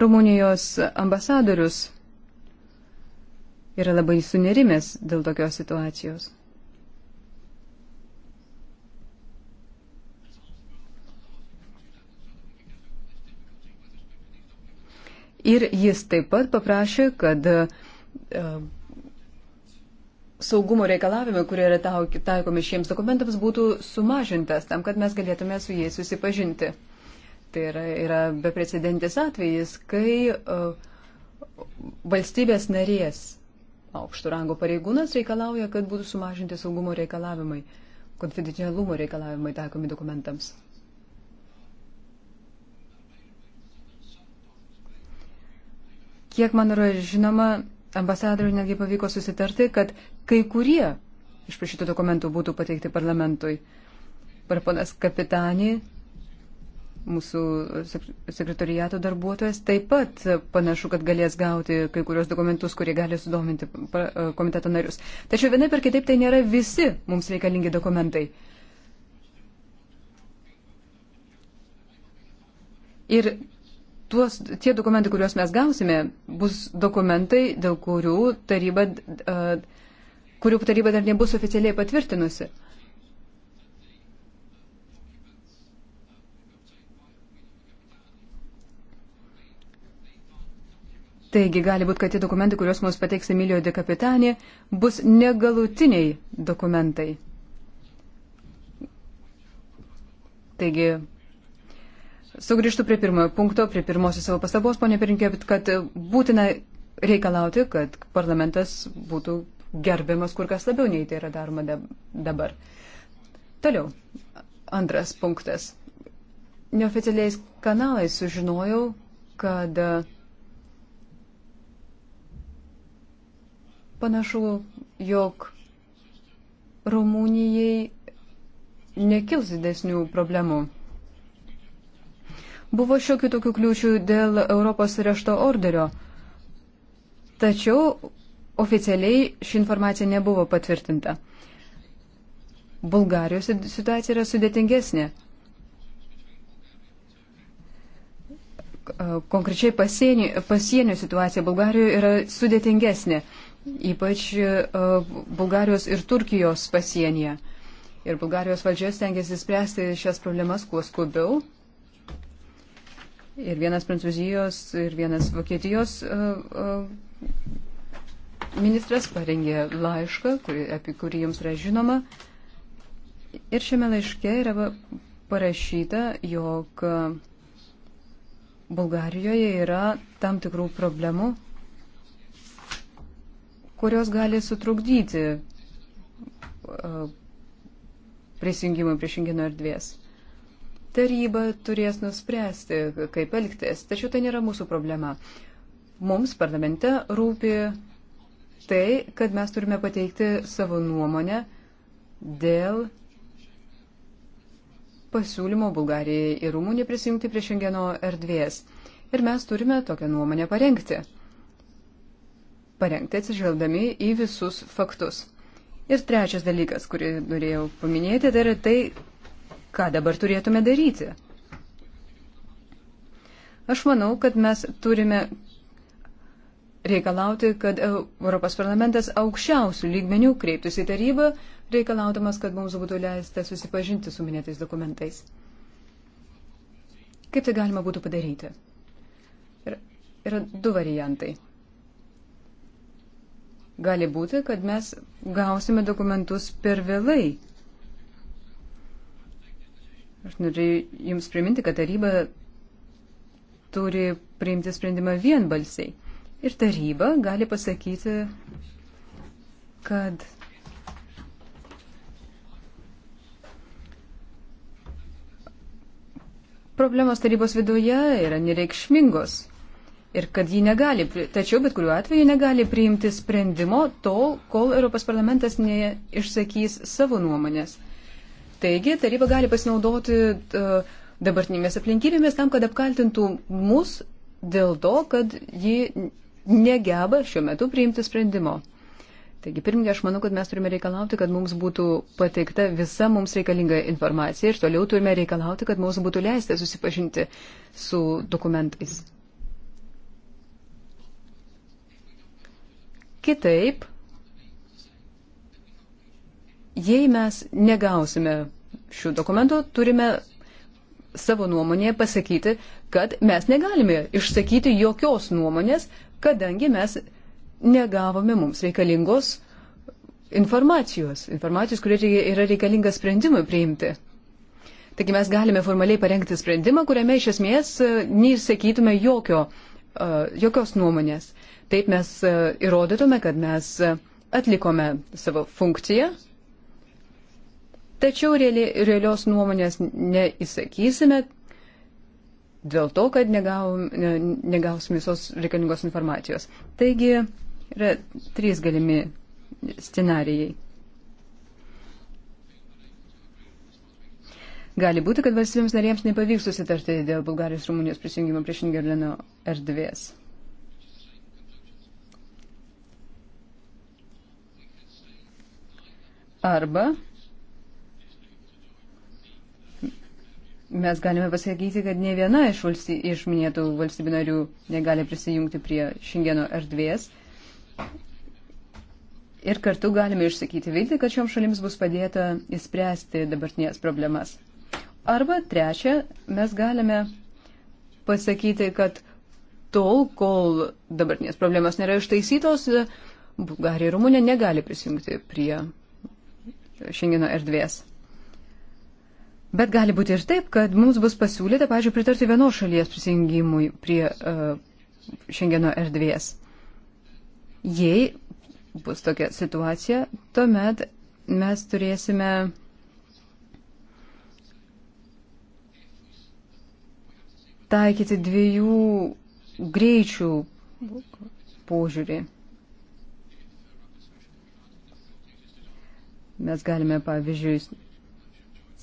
Rumunijos ambasadorius yra labai sunerimęs dėl tokios situacijos. Ir jis taip pat paprašė, kad e, saugumo reikalavimai, kurie yra taikomi šiems dokumentams, būtų sumažintas tam, kad mes galėtume su jais susipažinti. Tai yra, yra beprecedentis atvejis, kai uh, valstybės narės aukštų rango pareigūnas reikalauja, kad būtų sumažinti saugumo reikalavimai, konfidencialumo reikalavimai taikomi dokumentams. Kiek man yra žinoma, ambasadoriui netgi pavyko susitarti, kad kai kurie iš prašytų dokumentų būtų pateikti parlamentui. Per ponas Kapitanį, mūsų sekretoriato darbuotojas, taip pat panašu, kad galės gauti kai kurios dokumentus, kurie gali sudominti e, komiteto narius. Tačiau vienai per kitaip tai nėra visi mums reikalingi dokumentai. Ir tuos, tie dokumentai, kuriuos mes gausime, bus dokumentai, dėl kurių taryba, uh, kurių taryba dar nebus oficialiai patvirtinusi. Taigi gali būti, kad tie dokumentai, kuriuos mums pateiks Emilio de Kapitanė, bus negalutiniai dokumentai. Taigi Sugrįžtu prie pirmojo punkto, prie pirmosios savo pastabos, ponė Pirinkė, kad būtina reikalauti, kad parlamentas būtų gerbiamas kur kas labiau nei tai yra daroma dabar. Toliau, antras punktas. Neoficialiais kanalais sužinojau, kad panašu, jog Rumunijai nekils didesnių problemų Buvo šiokių tokių kliūčių dėl Europos arešto orderio. Tačiau oficialiai ši informacija nebuvo patvirtinta. Bulgarijos situacija yra sudėtingesnė. Konkrečiai pasienio, pasienio situacija Bulgarijoje yra sudėtingesnė, ypač e, Bulgarijos ir Turkijos pasienyje. Ir Bulgarijos valdžios tengiasi spręsti šias problemas kuo skubiau ir vienas Prancūzijos, ir vienas Vokietijos e, e, ministras parengė laišką, kuri, apie kurį jums yra žinoma. Ir šiame laiške yra parašyta, jog e, Bulgarijoje yra tam tikrų problemų, kurios gali sutrukdyti prisijungimui prie šengino erdvės. Taryba turės nuspręsti, kaip elgtis, tačiau tai nėra mūsų problema. Mums parlamente rūpi tai, kad mes turime pateikti savo nuomonę dėl pasiūlymo Bulgarijai ir Rumunijai prisijungti prie Šengeno erdvės. Ir mes turime tokią nuomonę parengti. Parengti atsižvelgdami į visus faktus. Ir trečias dalykas, kurį norėjau paminėti, tai yra tai, Ką dabar turėtume daryti? Aš manau, kad mes turime reikalauti, kad Europos parlamentas aukščiausių lygmenių kreiptųsi į tarybą, reikalaudamas, kad mums būtų leista susipažinti su minėtais dokumentais. Kaip tai galima būtų padaryti? Yra, yra du variantai. Gali būti, kad mes gausime dokumentus per vėlai Aš noriu Jums priminti, kad taryba turi priimti sprendimą vienbalsiai. Ir taryba gali pasakyti, kad problemos tarybos viduje yra nereikšmingos ir kad ji negali, tačiau bet kuriuo atveju negali priimti sprendimo tol, kol Europos parlamentas neišsakys savo nuomonės. Taigi taryba gali pasinaudoti e, dabartinėmis aplinkybėmis tam, kad apkaltintų mus dėl to, kad ji negeba šiuo metu priimti sprendimo. Taigi, pirmie, aš manau, kad mes turime reikalauti, kad mums būtų pateikta visa mums reikalinga informacija ir toliau turime reikalauti, kad mums būtų leista susipažinti su dokumentais. Kitaip, Jei mes negausime šių dokumentų, turime savo nuomonėje pasakyti, kad mes negalime išsakyti jokios nuomonės, kadangi mes negavome mums reikalingos informacijos, informacijos, kurie yra reikalinga sprendimui priimti. Taigi mes galime formaliai parengti sprendimą, kuriame iš esmės e, neišsakytume jokio, e, jokios nuomonės. Taip mes e, įrodytume, kad mes atlikome savo funkciją Tačiau realios nuomonės neįsakysime dėl to, kad negausime visos reikalingos informacijos. Taigi yra trys galimi scenarijai. Gali būti, kad valstybėms narėms nepavyks susitarti dėl Bulgarijos Rumunijos prisijungimo prie Šengerlino erdvės. Arba mes galime pasakyti, kad ne viena iš, valsty, iš minėtų valstybių narių negali prisijungti prie šengeno erdvės. Ir kartu galime išsakyti viltį, kad šioms šalims bus padėta įspręsti dabartinės problemas. Arba trečia, mes galime pasakyti, kad tol, kol dabartinės problemas nėra ištaisytos, Bulgarija ir Rumunija negali prisijungti prie šengeno erdvės. Bet gali būti ir taip, kad mums bus pasiūlyta, pažiūrėjau, pritarti vienos šalies prisijungimui prie uh, e, Šengeno erdvės. Jei bus tokia situacija, tuomet mes turėsime taikyti dviejų greičių požiūrį. Mes galime, pavyzdžiui,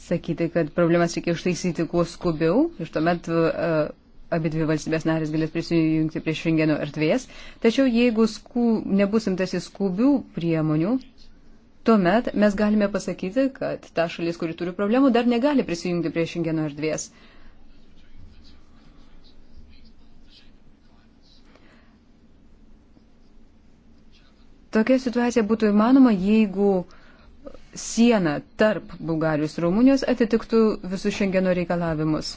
sakyti, kad problemas reikia ištaisyti kuo skubiau ir tuomet uh, abi dvi valstybės narės galės prisijungti prie šengeno erdvės. Tačiau jeigu sku, nebus imtasi skubių priemonių, tuomet mes galime pasakyti, kad ta šalis, kuri turi problemų, dar negali prisijungti prie šengeno erdvės. Tokia situacija būtų įmanoma, jeigu uh, siena tarp Bulgarijos ir Rumunijos atitiktų visus šengeno reikalavimus.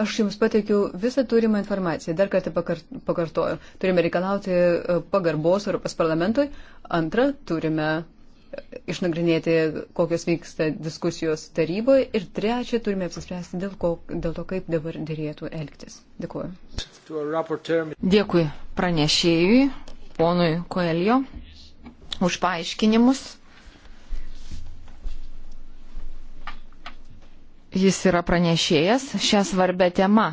Aš Jums pateikiu visą turimą informaciją. Dar kartą pakartoju. Turime reikalauti e, pagarbos Europos parlamentui. Antra, turime e, išnagrinėti, kokios vyksta diskusijos taryboje. Ir trečia, turime apsispręsti dėl, ko, dėl to, kaip dabar dėrėtų elgtis. Dėkuoju. Dėkui pranešėjui ponui Koelio už paaiškinimus. Jis yra pranešėjas šią svarbę temą.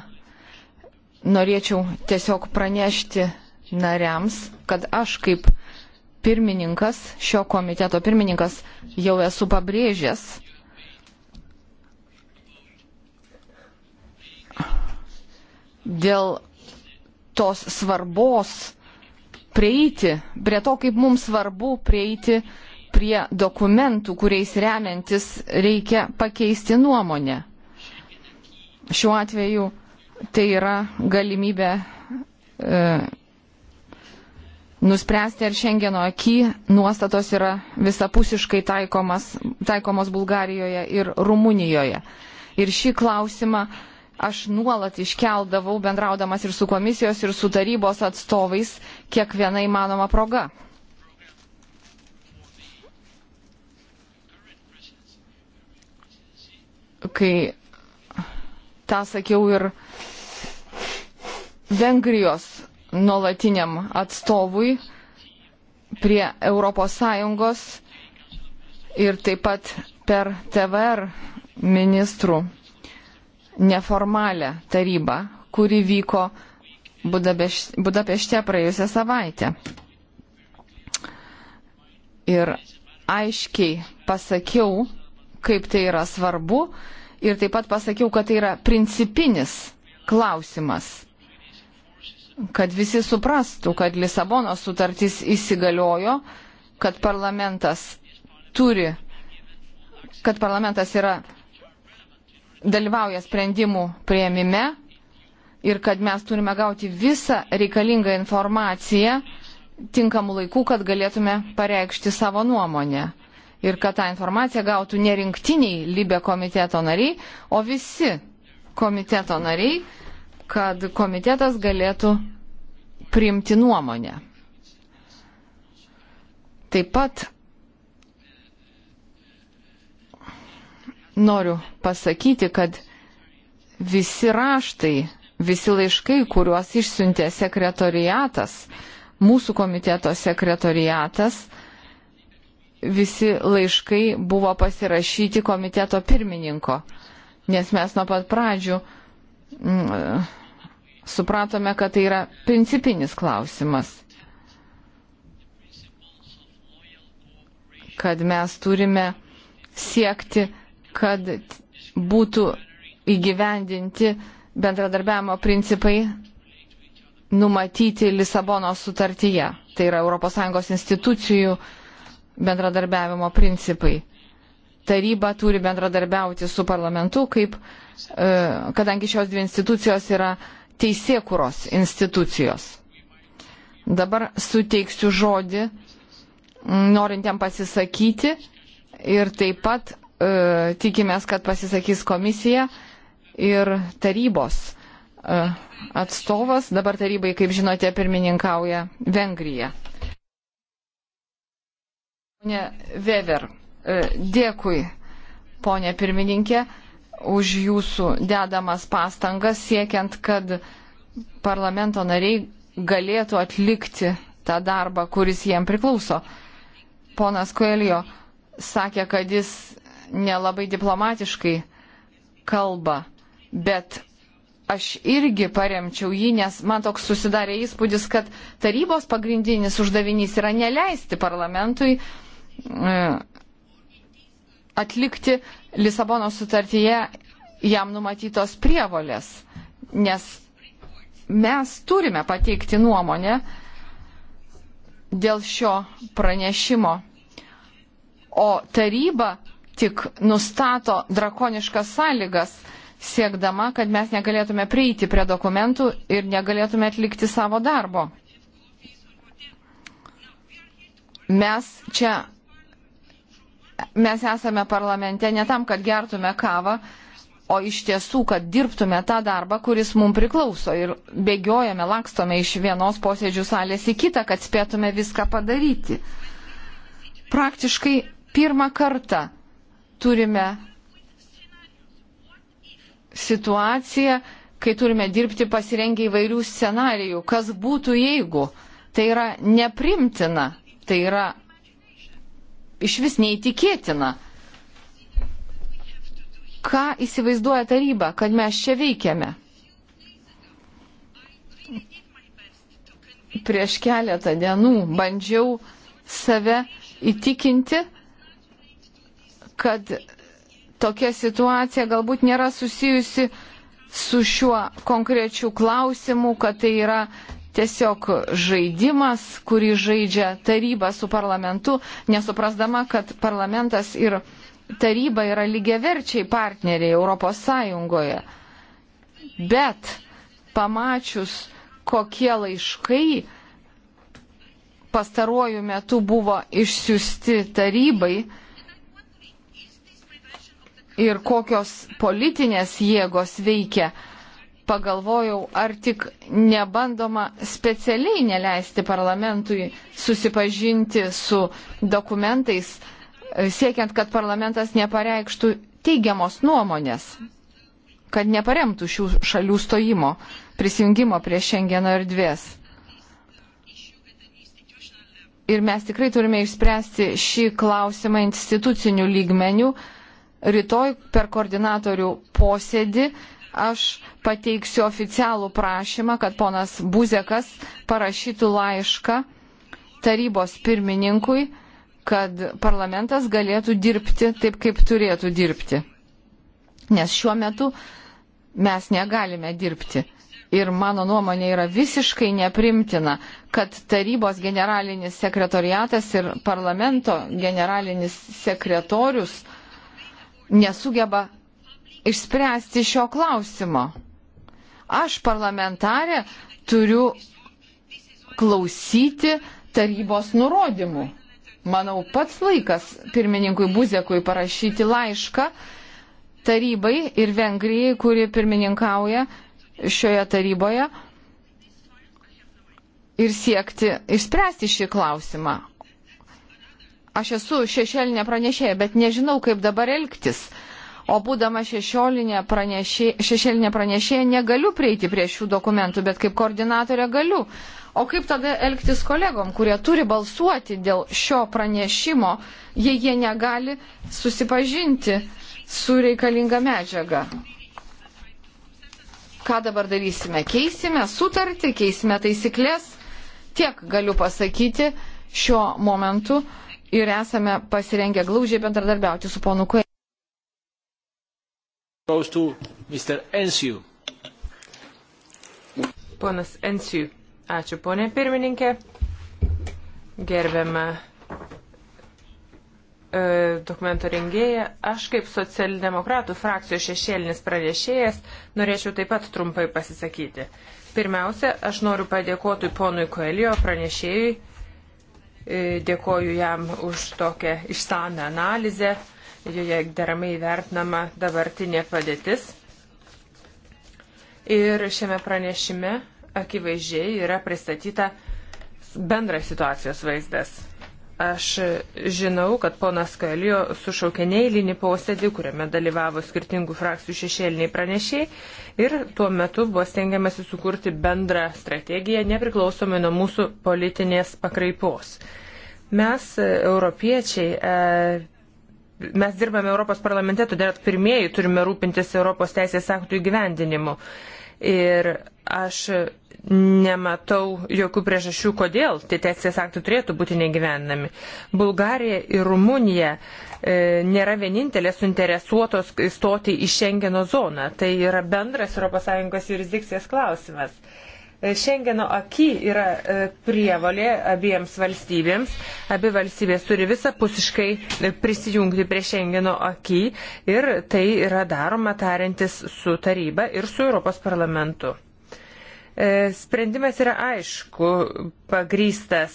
Norėčiau tiesiog pranešti nariams, kad aš kaip pirmininkas, šio komiteto pirmininkas, jau esu pabrėžęs, dėl tos svarbos, prieiti prie to, kaip mums svarbu prieiti prie dokumentų, kuriais remiantis reikia pakeisti nuomonę. Šiuo atveju tai yra galimybė e, nuspręsti, ar Šengeno aky nuostatos yra visapusiškai taikomas, taikomos Bulgarijoje ir Rumunijoje. Ir šį klausimą aš nuolat iškeldavau, bendraudamas ir su komisijos, ir su tarybos atstovais, kiekviena įmanoma proga. Kai tą sakiau ir Vengrijos nuolatiniam atstovui prie ES ir taip pat per TVR ministrų neformalią tarybą, kuri vyko Budapešte praėjusią savaitę. Ir aiškiai pasakiau, kaip tai yra svarbu ir taip pat pasakiau, kad tai yra principinis klausimas kad visi suprastų, kad Lisabonos sutartis įsigaliojo, kad parlamentas turi, kad parlamentas yra dalyvauja sprendimų prieimime ir kad mes turime gauti visą reikalingą informaciją tinkamų laikų, kad galėtume pareikšti savo nuomonę. Ir kad tą informaciją gautų ne rinktiniai Libė komiteto nariai, o visi komiteto nariai, kad komitetas galėtų priimti nuomonę. Taip pat noriu pasakyti, kad visi raštai, visi laiškai, kuriuos išsiuntė sekretoriatas, mūsų komiteto sekretoriatas, visi laiškai buvo pasirašyti komiteto pirmininko, nes mes nuo pat pradžių m, mm, supratome, kad tai yra principinis klausimas. Kad mes turime siekti kad būtų įgyvendinti bendradarbiavimo principai numatyti Lisabono sutartyje. Tai yra ES institucijų bendradarbiavimo principai. Taryba turi bendradarbiauti su parlamentu, kaip, e, kadangi šios dvi institucijos yra teisėkuros institucijos. Dabar suteiksiu žodį norintiem pasisakyti ir taip pat e, tikimės, kad pasisakys komisija ir tarybos e, atstovas. Dabar tarybai, kaip žinote, pirmininkauja Vengrija. Pone Vever, e, dėkui, ponė pirmininkė, už jūsų dedamas pastangas siekiant, kad parlamento nariai galėtų atlikti tą darbą, kuris jiem priklauso. Ponas Koelio sakė, kad jis nelabai diplomatiškai kalba, bet aš irgi paremčiau jį, nes man toks susidarė įspūdis, kad tarybos pagrindinis uždavinys yra neleisti parlamentui e, atlikti Lisabono sutartyje jam numatytos prievolės, nes mes turime pateikti nuomonę dėl šio pranešimo, o taryba tik nustato drakoniškas sąlygas, siekdama, kad mes negalėtume prieiti prie dokumentų ir negalėtume atlikti savo darbo. Mes čia, mes esame parlamente ne tam, kad gertume kavą, o iš tiesų, kad dirbtume tą darbą, kuris mums priklauso ir bėgiojame, lakstome iš vienos posėdžių salės į kitą, kad spėtume viską padaryti. Praktiškai pirmą kartą turime situaciją, kai turime dirbti pasirengę įvairių scenarijų, kas būtų jeigu. Tai yra neprimtina, tai yra iš vis neįtikėtina. Ką įsivaizduoja taryba, kad mes čia veikiame? Prieš keletą dienų bandžiau save įtikinti, kad tokia situacija galbūt nėra susijusi su šiuo konkrečiu klausimu, kad tai yra tiesiog žaidimas, kurį žaidžia taryba su parlamentu, nesuprasdama, kad parlamentas ir taryba yra lygiaverčiai partneriai Europos Sąjungoje. Bet pamačius, kokie laiškai pastaruoju metu buvo išsiusti tarybai, ir kokios politinės jėgos veikia, pagalvojau, ar tik nebandoma specialiai neleisti parlamentui susipažinti su dokumentais, siekiant, kad parlamentas nepareikštų teigiamos nuomonės, kad neparemtų šių šalių stojimo, prisijungimo prie Šengeno erdvės. Ir mes tikrai turime išspręsti šį klausimą institucinių lygmenių, rytoj per koordinatorių posėdį aš pateiksiu oficialų prašymą, kad ponas Buzekas parašytų laišką tarybos pirmininkui, kad parlamentas galėtų dirbti taip, kaip turėtų dirbti. Nes šiuo metu mes negalime dirbti. Ir mano nuomonė yra visiškai neprimtina, kad tarybos generalinis sekretoriatas ir parlamento generalinis sekretorius uh, nesugeba išspręsti šio klausimo. Aš parlamentarė turiu klausyti tarybos nurodymų. Manau, pats laikas pirmininkui Buzekui parašyti laišką tarybai ir Vengrijai, kuri pirmininkauja šioje taryboje ir siekti išspręsti šį klausimą. Aš esu šešėlinė pranešėja, bet nežinau, kaip dabar elgtis. O būdama šešėlinė pranešėja, šešėlinė pranešėja negaliu prieiti prie šių dokumentų, bet kaip koordinatorė galiu. O kaip tada elgtis kolegom, kurie turi balsuoti dėl šio pranešimo, jei jie negali susipažinti su reikalinga medžiaga? Ką dabar darysime? Keisime sutartį, keisime taisyklės. Tiek galiu pasakyti šiuo momentu ir esame pasirengę glaužiai bendradarbiauti su ponu Kuei. Ponas Ensijų. Ačiū, ponė pirmininkė. Gerbiama e, dokumento rengėja, aš kaip socialdemokratų frakcijos šešėlinis pranešėjas norėčiau taip pat trumpai pasisakyti. Pirmiausia, aš noriu padėkoti ponui Koelio pranešėjui E, dėkoju jam už tokią išsame analizę, joje deramai vertinama dabartinė padėtis. Ir šiame pranešime akivaizdžiai yra pristatyta bendras situacijos vaizdas. Aš žinau, kad ponas Kalio sušaukė neįlinį posėdį, kuriame dalyvavo skirtingų frakcijų šešėliniai pranešiai ir tuo metu buvo stengiamasi sukurti bendrą strategiją nepriklausomai nuo mūsų politinės pakraipos. Mes, europiečiai, e, mes dirbame Europos parlamente, todėl pirmieji turime rūpintis Europos teisės aktų įgyvendinimu. Ir aš nematau jokių priežasčių, kodėl tie teisės aktai turėtų būti negyvenami. Bulgarija ir Rumunija e, nėra vienintelės suinteresuotos įstoti į Šengeno zoną. Tai yra bendras ES jurisdikcijos klausimas. Šengeno e, aki yra e, prievalė abiems valstybėms. Abi valstybės turi visapusiškai e, prisijungti prie Šengeno aki ir tai yra daroma tarintis su taryba ir su Europos parlamentu. E, sprendimas yra aišku, pagrystas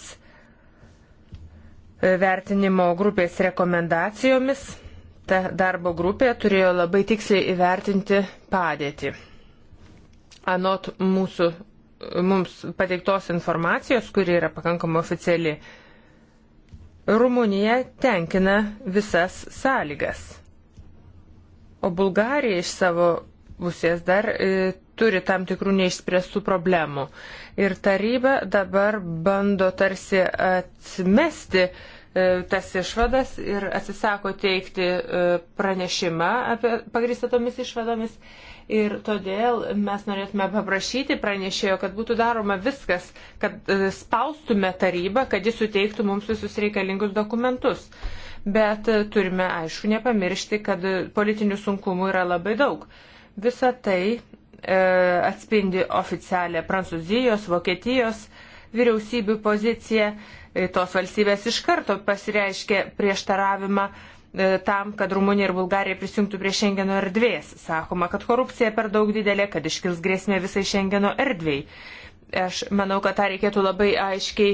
e, vertinimo grupės rekomendacijomis. Ta darbo grupė turėjo labai tiksliai įvertinti padėtį. Anot mūsų, mums pateiktos informacijos, kuri yra pakankamai oficiali, Rumunija tenkina visas sąlygas. O Bulgarija iš savo pusės dar e, turi tam tikrų neišspręstų problemų. Ir taryba dabar bando tarsi atmesti e, tas išvadas ir atsisako teikti e, pranešimą apie pagrįstą tomis išvadomis. Ir todėl mes norėtume paprašyti pranešėjo, kad būtų daroma viskas, kad e, spaustume tarybą, kad jis suteiktų mums visus reikalingus dokumentus. Bet turime, aišku, nepamiršti, kad politinių sunkumų yra labai daug. Visa tai E, atspindi oficialią Prancūzijos, Vokietijos vyriausybių poziciją. E, tos valstybės iš karto pasireiškė prieštaravimą e, tam, kad Rumunija ir Bulgarija prisijungtų prie Šengeno erdvės. Sakoma, kad korupcija per daug didelė, kad iškils grėsmė visai Šengeno erdvėjai. Aš manau, kad tą reikėtų labai aiškiai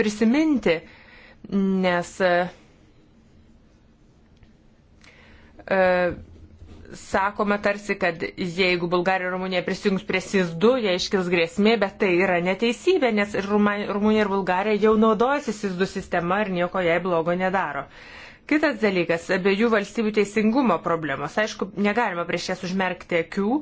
prisiminti, nes. Uh, sakoma tarsi, kad jeigu Bulgarija ir Rumunija prisijungs prie SIS-2, jie iškils grėsmė, bet tai yra neteisybė, nes ir Rumunija ir Bulgarija jau naudojasi SIS-2 sistema ir nieko jai blogo nedaro. Kitas dalykas - abiejų valstybių teisingumo problemos. Aišku, negalima prieš jas užmerkti akių.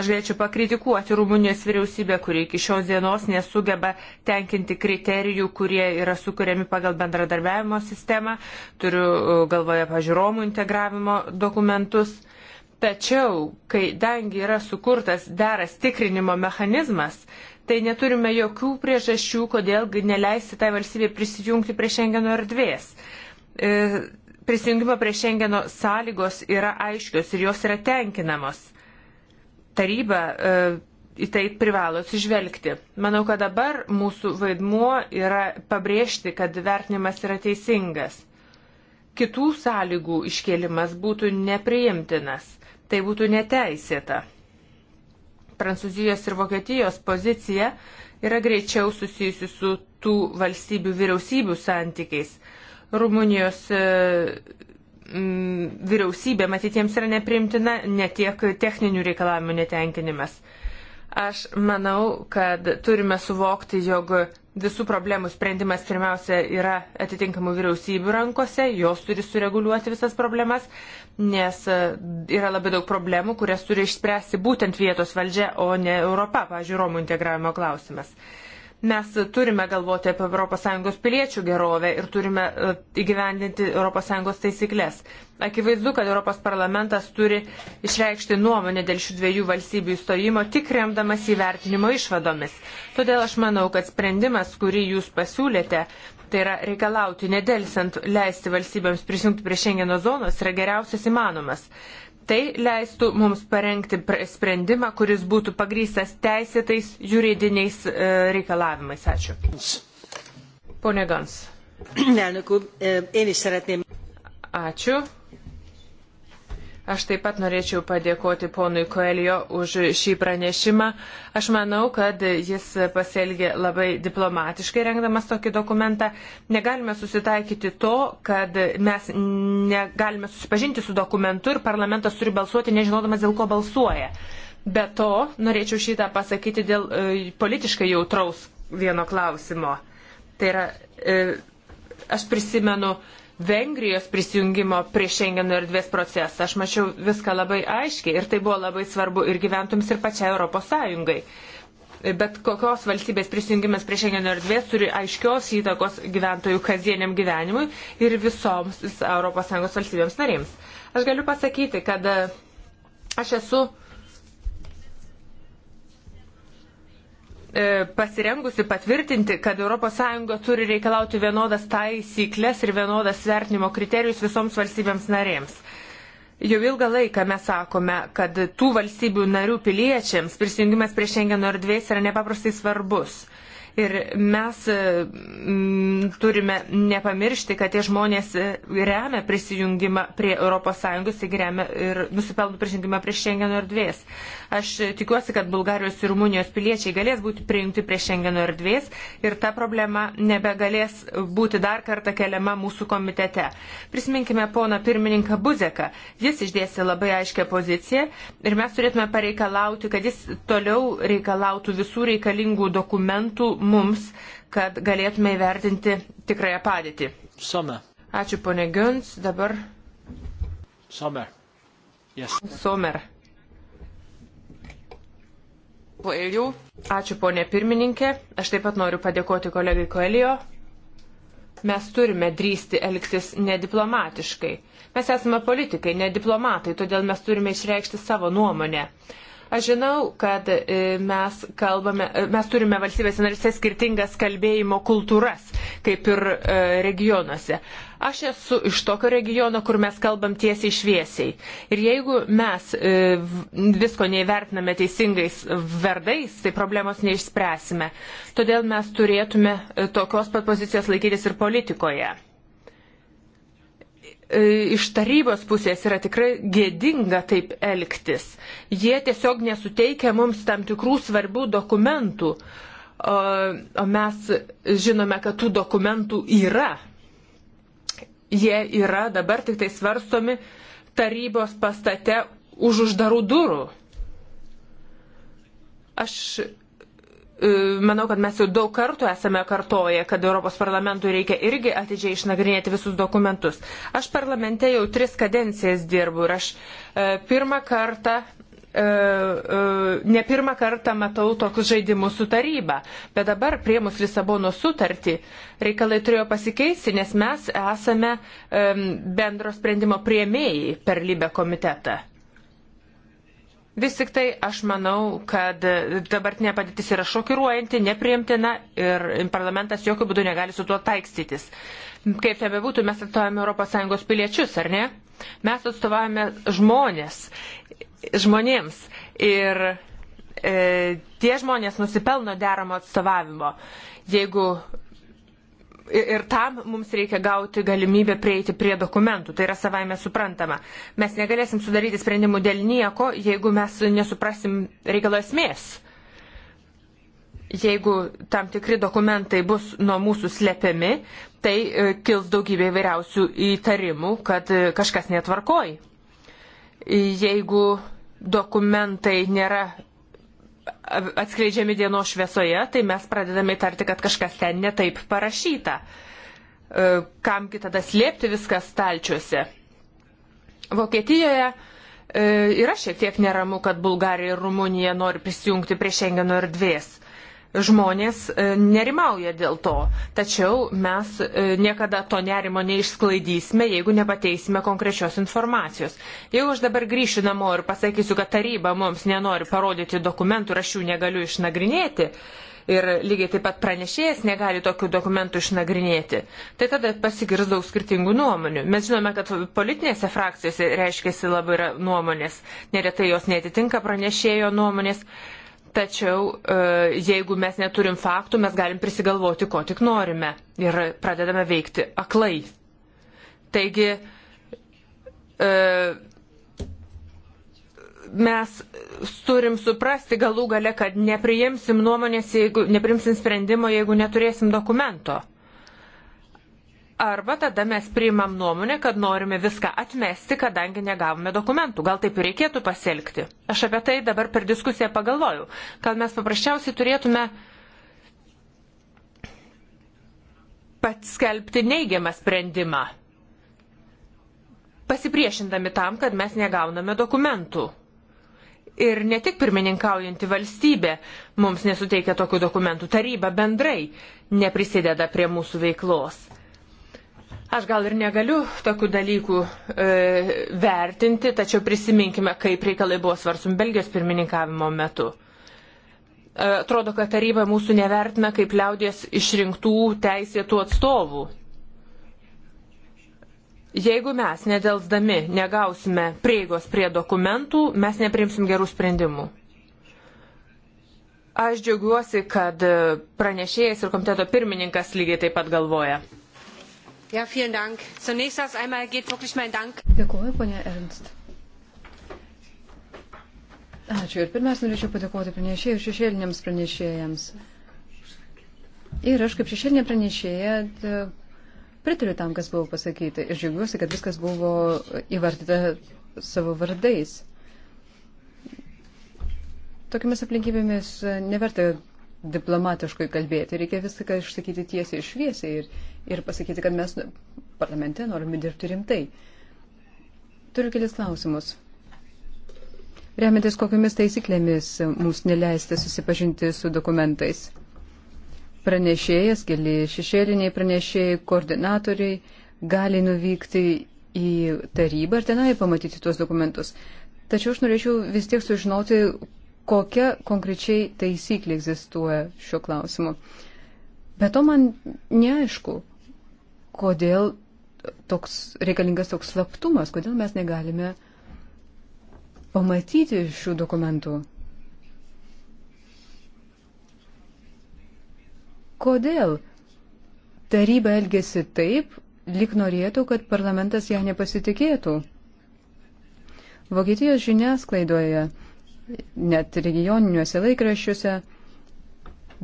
Aš galėčiau pakritikuoti Rumunijos vyriausybę, kuri iki šios dienos nesugeba tenkinti kriterijų, kurie yra sukūrėmi pagal bendradarbiavimo sistemą. Turiu uh, galvoje pažiūromų integravimo dokumentus. Tačiau, kai dangi yra sukurtas deras tikrinimo mechanizmas, tai neturime jokių priežasčių, kodėl neleisti tai valstybė prisijungti prie Šengeno erdvės. E, prisijungimo prie Šengeno sąlygos yra aiškios ir jos yra tenkinamos. Taryba e, į tai privalo atsižvelgti. Manau, kad dabar mūsų vaidmuo yra pabrėžti, kad vertinimas yra teisingas. Kitų sąlygų iškėlimas būtų nepriimtinas. Tai būtų neteisėta. Prancūzijos ir Vokietijos pozicija yra greičiau susijusi su tų valstybių vyriausybių santykiais. Rumunijos e, vyriausybė matytiems yra neprimtina ne tiek techninių reikalavimų netenkinimas. Aš manau, kad turime suvokti, jog visų problemų sprendimas pirmiausia yra atitinkamų vyriausybių rankose, jos turi sureguliuoti visas problemas, nes e, yra labai daug problemų, kurias turi išspręsti būtent vietos valdžia, o ne Europa, pavyzdžiui, Romų integravimo klausimas. Mes turime galvoti apie ES piliečių gerovę ir turime e, įgyvendinti ES taisyklės. Akivaizdu, kad ES turi išreikšti nuomonę dėl šių dviejų valstybių įstojimo tik remdamas įvertinimo išvadomis. Todėl aš manau, kad sprendimas, kurį jūs pasiūlėte, Tai yra reikalauti nedelsiant leisti valstybėms prisijungti prie Schengeno zonos yra geriausias įmanomas. Tai leistų mums parengti sprendimą, kuris būtų pagrystas teisėtais juridiniais e, reikalavimais. Ačiū. Pone Gans. [CLEARS THROAT] Ačiū. Aš taip pat norėčiau padėkoti ponui Koelio už šį pranešimą. Aš manau, kad jis pasielgė labai diplomatiškai rengdamas tokį dokumentą. Negalime susitaikyti to, kad mes negalime susipažinti su dokumentu ir parlamentas turi balsuoti nežinodamas, dėl ko balsuoja. Be to, norėčiau šitą pasakyti dėl e, politiškai jautraus vieno klausimo. Tai yra, e, aš prisimenu Vengrijos prisijungimo prie Schengeno erdvės procesą. Aš mačiau viską labai aiškiai ir tai buvo labai svarbu ir gyventojams, ir pačiai Europos Sąjungai. Bet kokios valstybės prisijungimas prie Schengeno erdvės turi aiškios įtakos gyventojų kasdieniam gyvenimui ir visoms ES valstybėms narėms. Aš galiu pasakyti, kad e, aš esu E, pasirengusi patvirtinti, kad ES turi reikalauti vienodas taisyklės ir vienodas vertinimo kriterijus visoms valstybėms narėms. Jau ilgą laiką mes sakome, kad tų valstybių narių piliečiams prisijungimas prie Schengeno erdvės yra nepaprastai svarbus. Ir mes mm, turime nepamiršti, kad tie žmonės e, remia prisijungimą prie ES ir, remia, ir nusipelno prisijungimą prie Schengeno erdvės. Aš tikiuosi, kad Bulgarijos ir Rumunijos piliečiai galės būti prijungti prie Schengeno erdvės ir ta problema nebegalės būti dar kartą keliama mūsų komitete. Prisiminkime poną pirmininką Buzeką. Jis išdėsi labai aiškę poziciją ir mes turėtume pareikalauti, kad jis toliau reikalautų visų reikalingų dokumentų mums, kad galėtume įvertinti tikrąją padėtį. Summer. Ačiū ponė Gins, dabar. Summer. Yes. Summer. Koelių. Ačiū ponė pirmininkė. Aš taip pat noriu padėkoti kolegai Koelio. Mes turime drįsti elgtis nediplomatiškai. Mes esame politikai, nediplomatai, todėl mes turime išreikšti savo nuomonę. Uh, Aš žinau, kad e, mes, kalbame, e, mes turime valstybės narise skirtingas kalbėjimo kultūras, kaip ir e, regionuose. Aš esu iš tokio regiono, kur mes kalbam tiesiai šviesiai. Ir jeigu mes visko neįvertiname teisingais vardais, tai problemos neišspręsime. Todėl mes turėtume tokios pat pozicijos laikytis ir politikoje. E, iš tarybos pusės yra tikrai gėdinga taip elgtis. Jie tiesiog nesuteikia mums tam tikrų svarbių dokumentų, o mes žinome, kad tų dokumentų yra. Jie yra dabar tik tai svarstomi tarybos pastate už uždarų durų. Aš E, manau, kad mes jau daug kartų esame kartoję, kad Europos parlamentui reikia irgi atidžiai išnagrinėti visus dokumentus. Aš parlamente jau tris kadencijas dirbu ir aš e, pirmą kartą. E, ne pirmą kartą matau tokius žaidimus su taryba, bet dabar prie mus Lisabono sutartį reikalai turėjo pasikeisti, nes mes esame bendro sprendimo prieimėjai per Libę komitetą. Vis tik tai aš manau, kad dabartinė padėtis yra šokiruojanti, nepriimtina ir parlamentas jokių būdų negali su tuo taikstytis. Kaip tebe būtų, mes atstovavome ES piliečius, ar ne? Mes atstovavome žmonės, žmonėms ir e, tie žmonės nusipelno deramo atstovavimo. Jeigu ir tam mums reikia gauti galimybę prieiti prie dokumentų. Tai yra savaime suprantama. Mes negalėsim sudaryti sprendimų dėl nieko, jeigu mes nesuprasim reikalo esmės. Jeigu tam tikri dokumentai bus nuo mūsų slepiami, tai e, kils daugybė įvairiausių įtarimų, kad e, kažkas netvarkoj. Jeigu dokumentai nėra atskleidžiami dienos šviesoje, tai mes pradedame įtarti, kad kažkas ten netaip parašyta. E, kamgi tada slėpti viskas stalčiuose? Vokietijoje e, yra šiek tiek neramu, kad Bulgarija ir Rumunija nori prisijungti prie Šengeno erdvės žmonės e, nerimauja dėl to. Tačiau mes e, niekada to nerimo neišsklaidysime, jeigu nepateisime konkrečios informacijos. Jeigu aš dabar grįšiu namo ir pasakysiu, kad taryba mums nenori parodyti dokumentų ir aš jų negaliu išnagrinėti, ir lygiai taip pat pranešėjas negali tokių dokumentų išnagrinėti, tai tada pasigirs daug skirtingų nuomonių. Mes žinome, kad politinėse frakcijose reiškiasi labai yra nuomonės, neretai jos netitinka pranešėjo nuomonės Tačiau e, jeigu mes neturim faktų, mes galim prisigalvoti, ko tik norime ir pradedame veikti aklai. Taigi e, mes turim suprasti galų gale, kad nepriimsim nuomonės, jeigu, nepriimsim sprendimo, jeigu neturėsim dokumento. Arba tada mes priimam nuomonę, kad norime viską atmesti, kadangi negavome dokumentų. Gal taip ir reikėtų pasielgti. Aš apie tai dabar per diskusiją pagalvojau. Gal mes paprasčiausiai turėtume paskelbti neigiamą sprendimą, pasipriešindami tam, kad mes negauname dokumentų. Ir ne tik pirmininkaujanti valstybė mums nesuteikia tokių dokumentų, taryba bendrai neprisideda prie mūsų veiklos. Aš gal ir negaliu tokių dalykų e, vertinti, tačiau prisiminkime, kaip reikalai buvo svarsum Belgijos pirmininkavimo metu. E, atrodo, e, kad taryba mūsų nevertina kaip liaudės išrinktų teisėtų atstovų. Jeigu mes nedelsdami negausime prieigos prie dokumentų, mes neprimsim gerų sprendimų. Aš džiaugiuosi, kad pranešėjas ir komiteto pirmininkas lygiai taip pat galvoja. Ja, vielen Dank. Zunächst erst einmal geht wirklich mein Dank. Dėkuoju, ponia Ernst. Ačiū. Ir pirmiausia, norėčiau padėkoti pranešėjai ir šešėliniams pranešėjams. Ir aš kaip šešėlinė pranešėja pritariu tam, kas buvo pasakyta. Ir džiaugiuosi, kad viskas buvo įvardyta savo vardais. Tokiamis aplinkybėmis neverta diplomatiškai kalbėti, reikia viską išsakyti tiesiai ir šviesiai ir, ir pasakyti, kad mes parlamente norime dirbti rimtai. Turiu kelis klausimus. Remiantis kokiamis taisyklėmis mums neleista susipažinti su dokumentais. Pranešėjas, keli šešėliniai pranešėjai, koordinatoriai gali nuvykti į tarybą ir tenai pamatyti tuos dokumentus. Tačiau aš norėčiau vis tiek sužinoti, kokia konkrečiai taisyklė egzistuoja šiuo klausimu. Bet to man neaišku, kodėl toks reikalingas toks slaptumas, kodėl mes negalime pamatyti šių dokumentų. Kodėl taryba elgesi taip, lik norėtų, kad parlamentas ją nepasitikėtų? Vokietijos žiniasklaidoje net regioniniuose laikraščiuose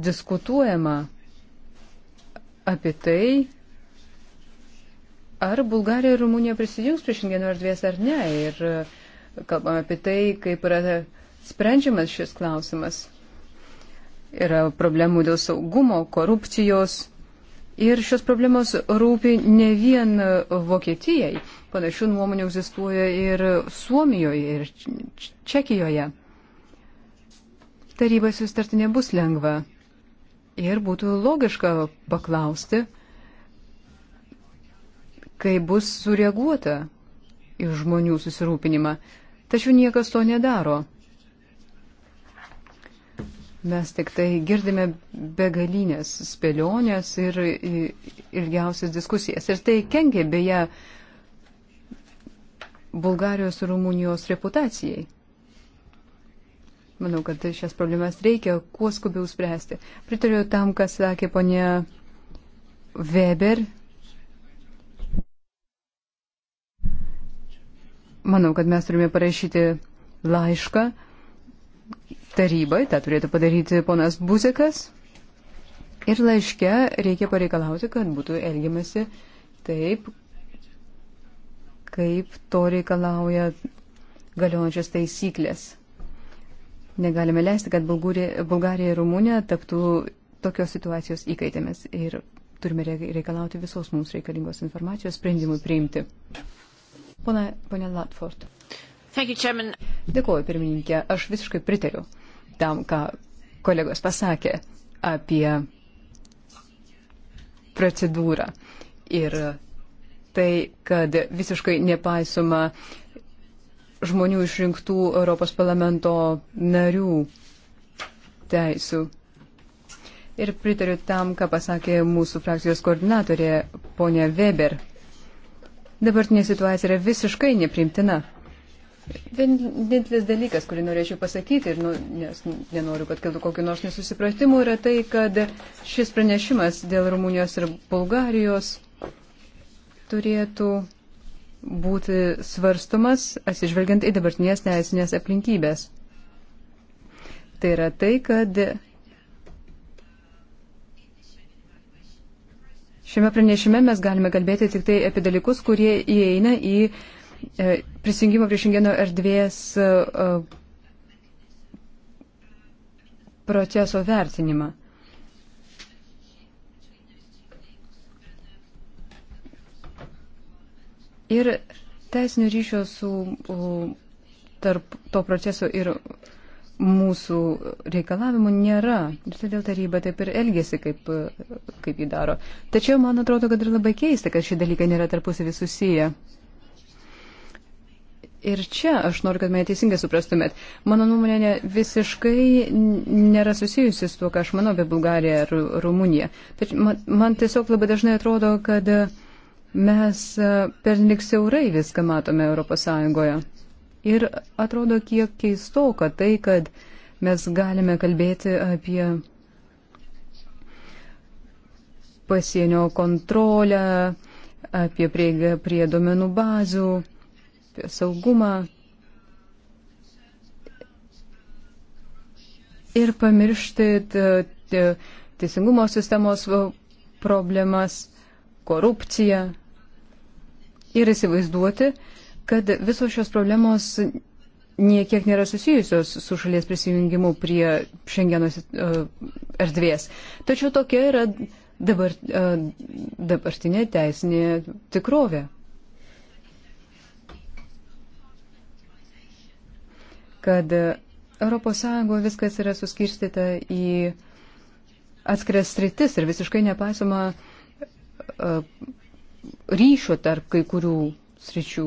diskutuojama apie tai, ar Bulgarija ir Rumunija prisijungs prie šiandieno erdvės ar ne. Ir e, kalbame apie tai, kaip yra sprendžiamas šis klausimas. Yra problemų dėl saugumo, korupcijos. Ir šios problemos rūpi ne vien Vokietijai. Panašių nuomonių egzistuoja ir Suomijoje, ir Čekijoje. Č tarybai sustarti nebus lengva. Ir būtų logiška paklausti, kai bus sureaguota į žmonių susirūpinimą. Tačiau niekas to nedaro. Mes tik tai girdime begalinės spėlionės ir ilgiausias diskusijas. Ir tai kenkia beje Bulgarijos ir Rumunijos reputacijai. Manau, kad šias problemas reikia kuo skubiau spręsti. Pritariu tam, kas sakė ponė Weber. Manau, kad mes turime parašyti laišką tarybai, tą turėtų padaryti ponas Buzekas. Ir laiške reikia pareikalauti, kad būtų elgiamasi taip, kaip to reikalauja galiojančios taisyklės. Negalime leisti, kad Bulgarija, Bulgarija ir Rumunija taptų tokios situacijos įkaitėmis ir turime reikalauti visos mums reikalingos informacijos sprendimui priimti. Pone, pone Latford. Dėkuoju, pirmininkė. Aš visiškai pritariu tam, ką kolegos pasakė apie procedūrą ir tai, kad visiškai nepaisoma uh, žmonių išrinktų Europos parlamento narių teisų. Ir pritariu tam, ką pasakė mūsų frakcijos koordinatorė ponia Weber. Dabartinė situacija yra visiškai neprimtina. Vienintelis dalykas, kurį norėčiau pasakyti, ir nu, nes nenoriu, kad kiltų kokiu nors nesusipratimu, yra tai, kad šis pranešimas dėl Rumunijos ir Bulgarijos turėtų būti svarstomas, atsižvelgiant į dabartinės teisinės aplinkybės. Tai yra tai, kad šiame pranešime mes galime kalbėti tik tai apie dalykus, kurie įeina į e, prisijungimo prie šengeno erdvės e, e, proceso vertinimą. Ir teisinio ryšio su tarp to proceso ir mūsų reikalavimų nėra. Ir todėl taryba taip ir elgesi, kaip, kaip jį daro. Tačiau man atrodo, kad ir labai keista, kad šie dalykai nėra tarpusavį susiję. Ir čia aš noriu, kad mane teisingai suprastumėt. Mano nuomonė ne, visiškai nėra susijusi su tuo, ką aš manau apie Bulgariją ar Rumuniją. Tačiau man, man tiesiog labai dažnai atrodo, kad uh, Mes e, pernik siaurai viską matome ES. Ir atrodo kiek keisto, kad tai, kad mes galime kalbėti apie pasienio kontrolę, apie prieigą prie domenų bazių, apie saugumą. Ir pamiršti teisingumo sistemos problemas korupcija ir įsivaizduoti, kad visos šios problemos niekiek nėra susijusios su šalies prisijungimu prie šiandienos uh, erdvės. Tačiau tokia yra dabar, uh, dabartinė teisinė tikrovė. Kad uh, ES viskas yra suskirstyta į atskiras sritis ir visiškai nepaisoma uh, E, ryšio tarp kai kurių sričių.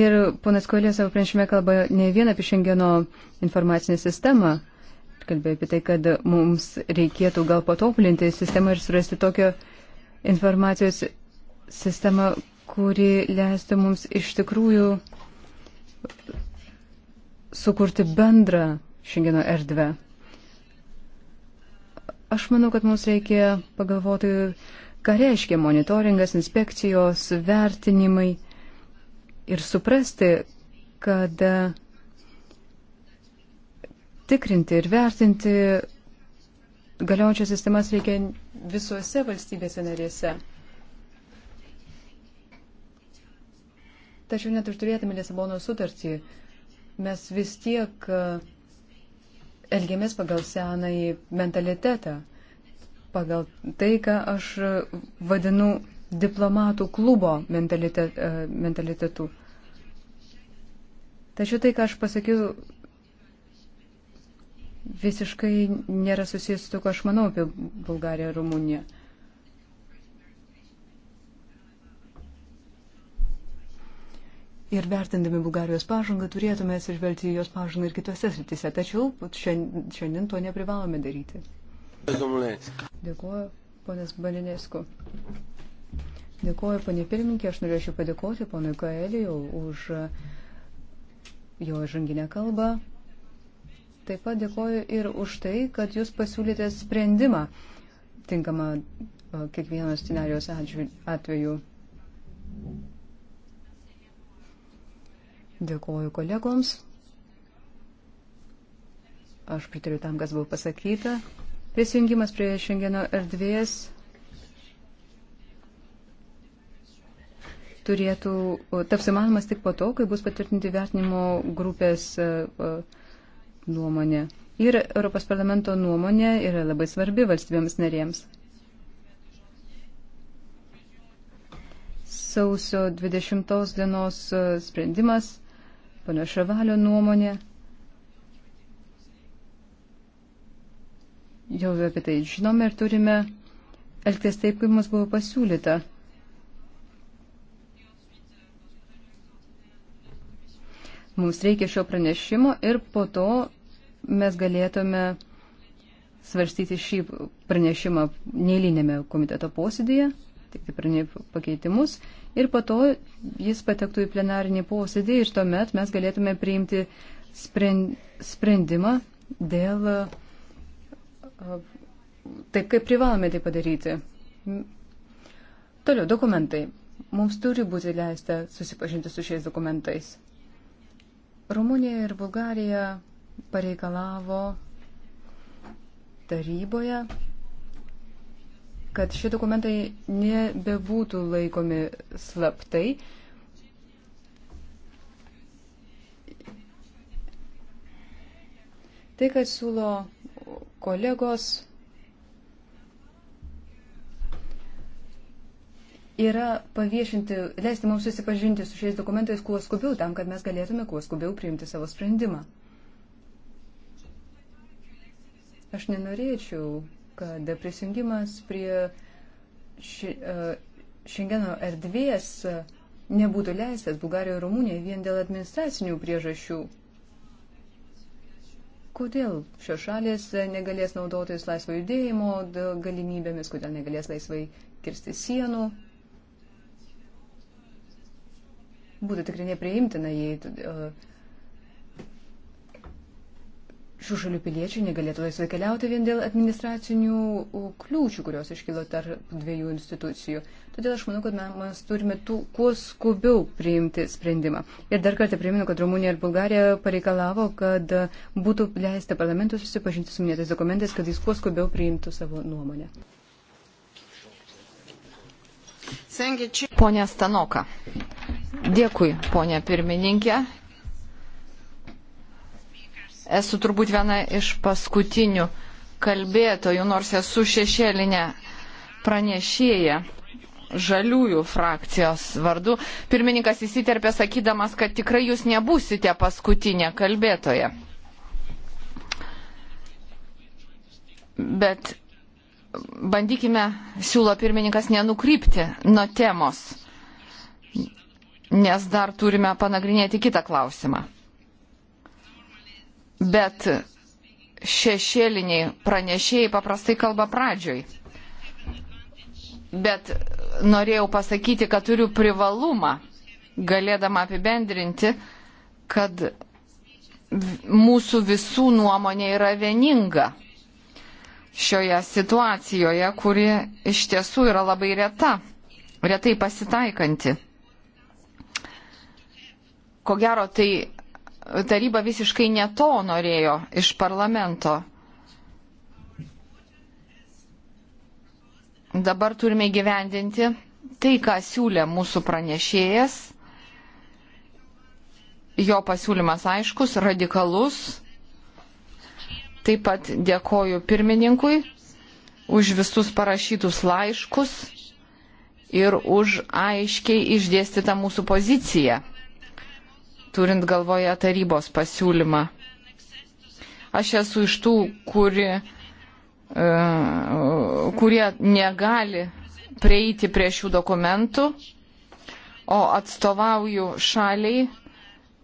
Ir ponas Kolė savo pranešime kalba ne vien apie Šengeno informacinę sistemą, kalbėjo apie tai, kad mums reikėtų gal patobulinti sistemą ir surasti tokią informacijos sistemą, kuri leistų mums iš tikrųjų sukurti bendrą Šengeno erdvę. Aš manau, kad mums reikia pagalvoti, ką reiškia monitoringas, inspekcijos, vertinimai ir suprasti, kad e, tikrinti ir vertinti galiojančias sistemas reikia visuose valstybėse narėse. Tačiau net ir turėtume Lisabono sutartį, mes vis tiek uh, elgiamės pagal senąjį mentalitetą, pagal tai, ką aš vadinu diplomatų klubo mentalitet, e, mentalitetu. Tačiau tai, ką aš pasakiau, visiškai nėra susijęs su to, ką aš manau apie Bulgariją ir Rumuniją. Ir vertindami Bulgarijos pažangą turėtume atsižvelgti jos pažangą ir kitose srityse. Tačiau šiandien, šiandien to neprivalome daryti. Dėkuoju, ponas Balinesku. Dėkuoju, ponė pirmininkė. Aš norėčiau padėkoti ponui Koelijau už jo žanginę kalbą. Taip pat dėkoju ir už tai, kad jūs pasiūlėte sprendimą tinkamą kiekvieno scenarijos atveju. Dėkuoju kolegoms. Aš pritariu tam, kas buvo pasakyta. Prisijungimas prie šiandieno erdvės turėtų taps įmanomas tik po to, kai bus patvirtinti vertinimo grupės e, e, nuomonė. Ir Europos parlamento nuomonė yra labai svarbi valstybėms narėms. Sausio 20 dienos e, sprendimas pana Šavalio nuomonė. Jau apie tai žinome ir turime elgtis taip, kaip mums buvo pasiūlyta. Mums reikia šio pranešimo ir po to mes galėtume svarstyti šį pranešimą neįlinėme komiteto posėdėje, tik tai pakeitimus ir po to jis patektų į plenarinį posėdį ir tuomet mes galėtume priimti sprendimą dėl taip, kaip privalome tai padaryti. Toliau, dokumentai. Mums turi būti leista susipažinti su šiais dokumentais. Rumunija ir Bulgarija pareikalavo taryboje kad šie dokumentai nebebūtų laikomi slaptai. Tai, kad siūlo kolegos, yra paviešinti, leisti mums susipažinti su šiais dokumentais kuo skubiau, tam, kad mes galėtume kuo skubiau priimti savo sprendimą. Aš nenorėčiau kad prisijungimas prie ši, e, Šengeno erdvės nebūtų leistas Bulgarijoje ir Rumunijoje vien dėl administracinių priežasčių. Kodėl šios šalės negalės naudotis laisvo judėjimo galimybėmis, kodėl negalės laisvai kirsti sienų? Būtų tikrai nepriimtina, jei uh, šių šalių piliečiai negalėtų laisvai keliauti vien dėl administracinių kliūčių, kurios iškilo tarp dviejų institucijų. Todėl aš manau, kad mes turime tų, kuo skubiau priimti sprendimą. Ir dar kartą priminu, kad Rumunija ir Bulgarija pareikalavo, kad būtų leista parlamentui susipažinti su minėtais dokumentais, kad jis kuo skubiau priimtų savo nuomonę. Pone Stanoka. Dėkui, ponė pirmininkė esu turbūt viena iš paskutinių kalbėtojų, nors esu šešėlinė pranešėja žaliųjų frakcijos vardu. Pirmininkas įsiterpė sakydamas, kad tikrai jūs nebūsite paskutinė kalbėtoja. Bet bandykime, siūlo pirmininkas, nenukrypti nuo temos, nes dar turime panagrinėti kitą klausimą bet šešėliniai pranešėjai paprastai kalba pradžioj. Bet norėjau pasakyti, kad turiu privalumą, galėdama apibendrinti, kad mūsų visų nuomonė yra vieninga šioje situacijoje, kuri iš tiesų yra labai reta, retai pasitaikanti. Ko gero, tai taryba visiškai neto norėjo iš parlamento. Dabar turime gyvendinti tai, ką siūlė mūsų pranešėjas. Jo pasiūlymas aiškus, radikalus. Taip pat dėkoju pirmininkui už visus parašytus laiškus ir už aiškiai išdėstytą mūsų poziciją turint galvoje tarybos pasiūlymą. Aš esu iš tų, kuri, e, kurie negali prieiti prie šių dokumentų, o atstovauju šaliai,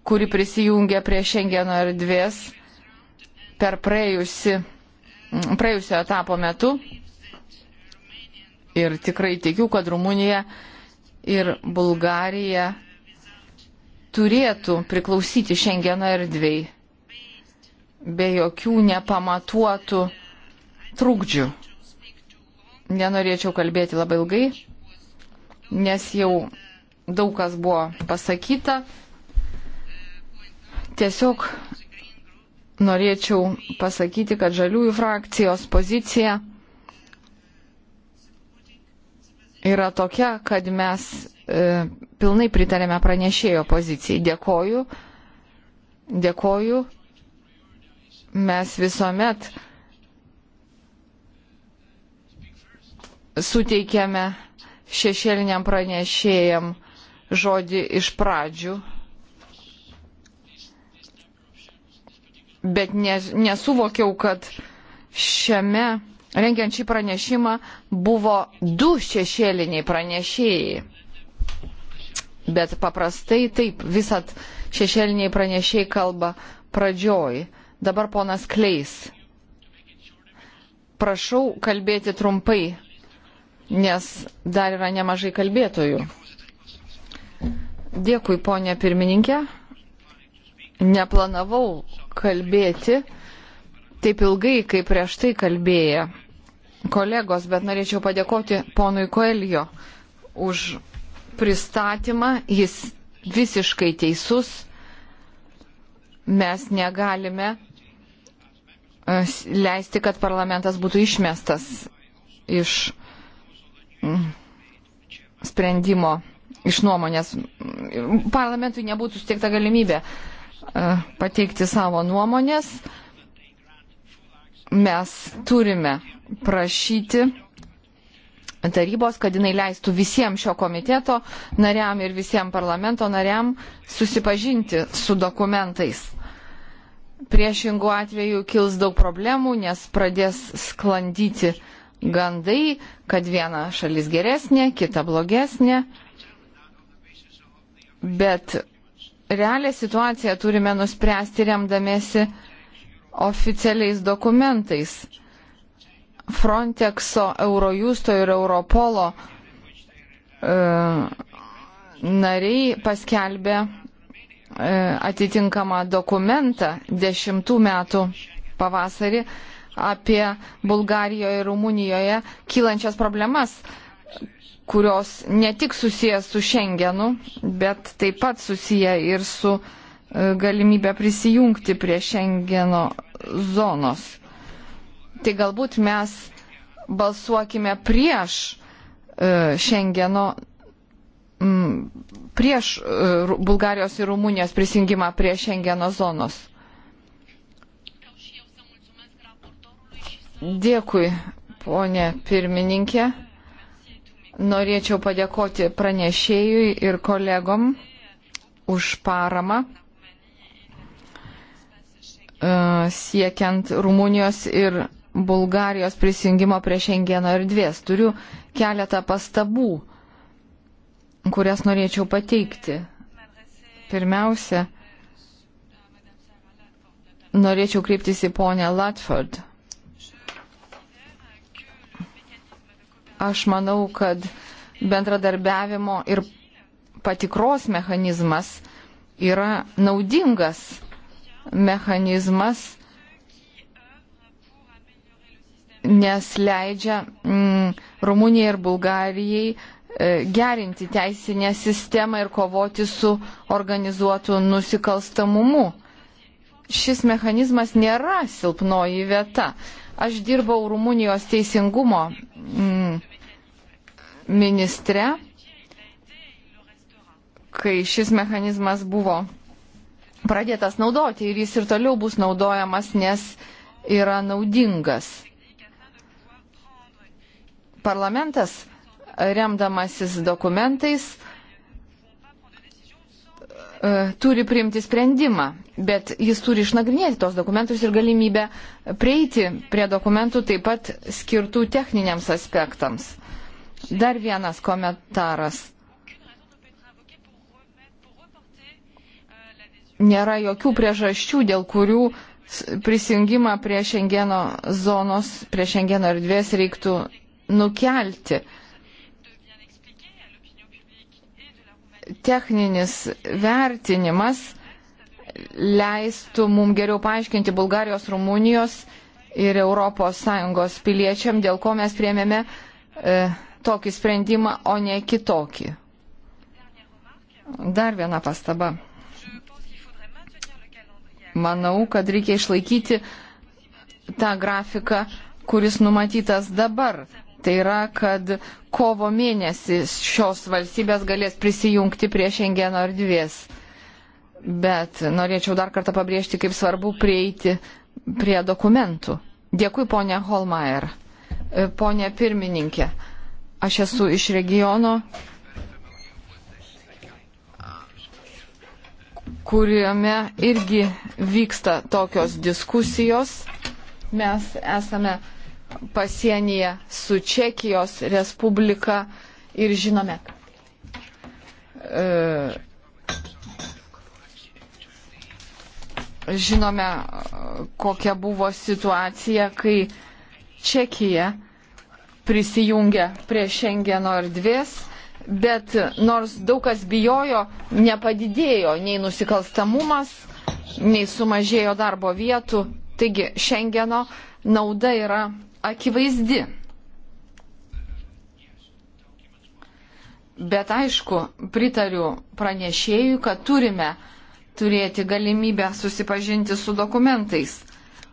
kuri prisijungia prie Šengeno erdvės per praėjusi, praėjusio etapo metu. Ir tikrai tikiu, kad Rumunija ir Bulgarija turėtų priklausyti šiandieną erdvėjai be jokių nepamatuotų trūkdžių. Nenorėčiau kalbėti labai ilgai, nes jau daug kas buvo pasakyta. Tiesiog norėčiau pasakyti, kad žaliųjų frakcijos pozicija yra tokia, kad mes E, pilnai pritarėme pranešėjo pozicijai. Dėkoju. Dėkoju. Mes visuomet suteikėme šešėliniam pranešėjam žodį iš pradžių, bet nesuvokiau, kad šiame rengiant šį pranešimą buvo du šešėliniai pranešėjai. Bet paprastai taip visat šešėliniai pranešiai kalba pradžioj. Dabar ponas Kleis. Prašau kalbėti trumpai, nes dar yra nemažai kalbėtojų. Dėkui, ponė pirmininkė. Neplanavau kalbėti taip ilgai, kaip prieš tai kalbėjo kolegos, bet norėčiau padėkoti ponui Koelio už pristatymą. Jis visiškai teisus. Mes negalime e, leisti, kad parlamentas būtų išmestas iš mm, sprendimo, iš nuomonės. Parlamentui nebūtų suteikta galimybė e, pateikti savo nuomonės. Mes turime prašyti tarybos, kad jinai leistų visiems šio komiteto nariam ir visiems parlamento nariam susipažinti su dokumentais. Priešingų atveju kils daug problemų, nes pradės sklandyti gandai, kad viena šalis geresnė, kita blogesnė. Bet realią situaciją turime nuspręsti remdamėsi oficialiais dokumentais Frontexo, Eurojusto ir Europolo e, nariai paskelbė e, atitinkamą dokumentą dešimtų metų pavasarį apie Bulgarijoje ir Rumunijoje kylančias problemas, kurios ne tik susijęs su Schengenu, bet taip pat susiję ir su e, galimybė prisijungti prie Schengeno zonos tai galbūt mes balsuokime prieš Šengeno, e, prieš e, Bulgarijos ir Rumunijos prisijungimą prie Šengeno zonos. Dėkui, ponė pirmininkė. Norėčiau padėkoti pranešėjui ir kolegom už paramą e, siekiant Rumunijos ir Bulgarijos prisijungimo prie Šengeno erdvės. Turiu keletą pastabų, kurias norėčiau pateikti. Pirmiausia, norėčiau kreiptis į ponę Latford. Aš manau, kad bendradarbiavimo ir patikros mechanizmas yra naudingas mechanizmas nes leidžia mm, Rumunijai ir Bulgarijai e, gerinti teisinę sistemą ir kovoti su organizuotu nusikalstamumu. Šis mechanizmas nėra silpnoji vieta. Aš dirbau Rumunijos teisingumo mm, ministre, kai šis mechanizmas buvo pradėtas naudoti ir jis ir toliau bus naudojamas, nes yra naudingas parlamentas, remdamasis dokumentais, e, turi priimti sprendimą, bet jis turi išnagrinėti tos dokumentus ir galimybę prieiti prie dokumentų taip pat skirtų techniniams aspektams. Dar vienas komentaras. Nėra jokių priežasčių, dėl kurių prisijungimą prie Šengeno zonos, prie Šengeno erdvės reiktų nukelti. Techninis vertinimas leistų mums geriau paaiškinti Bulgarijos, Rumunijos ir ES piliečiam, dėl ko mes priemėme e, tokį sprendimą, o ne kitokį. Dar viena pastaba. Manau, kad reikia išlaikyti tą grafiką, kuris numatytas dabar. Tai yra, kad kovo mėnesį šios valstybės galės prisijungti prie Šengeno erdvės. Bet norėčiau dar kartą pabrėžti, kaip svarbu prieiti prie dokumentų. Dėkui, ponė Holmeier. E, ponė pirmininkė, aš esu iš regiono, kuriame irgi vyksta tokios diskusijos. Mes esame pasienyje su Čekijos Respublika ir žinome, e, žinome, kokia buvo situacija, kai Čekija prisijungė prie Šengeno erdvės, bet nors daug kas bijojo, nepadidėjo nei nusikalstamumas, nei sumažėjo darbo vietų. Taigi Šengeno nauda yra akivaizdi. Bet aišku, pritariu pranešėjui, kad turime turėti galimybę susipažinti su dokumentais.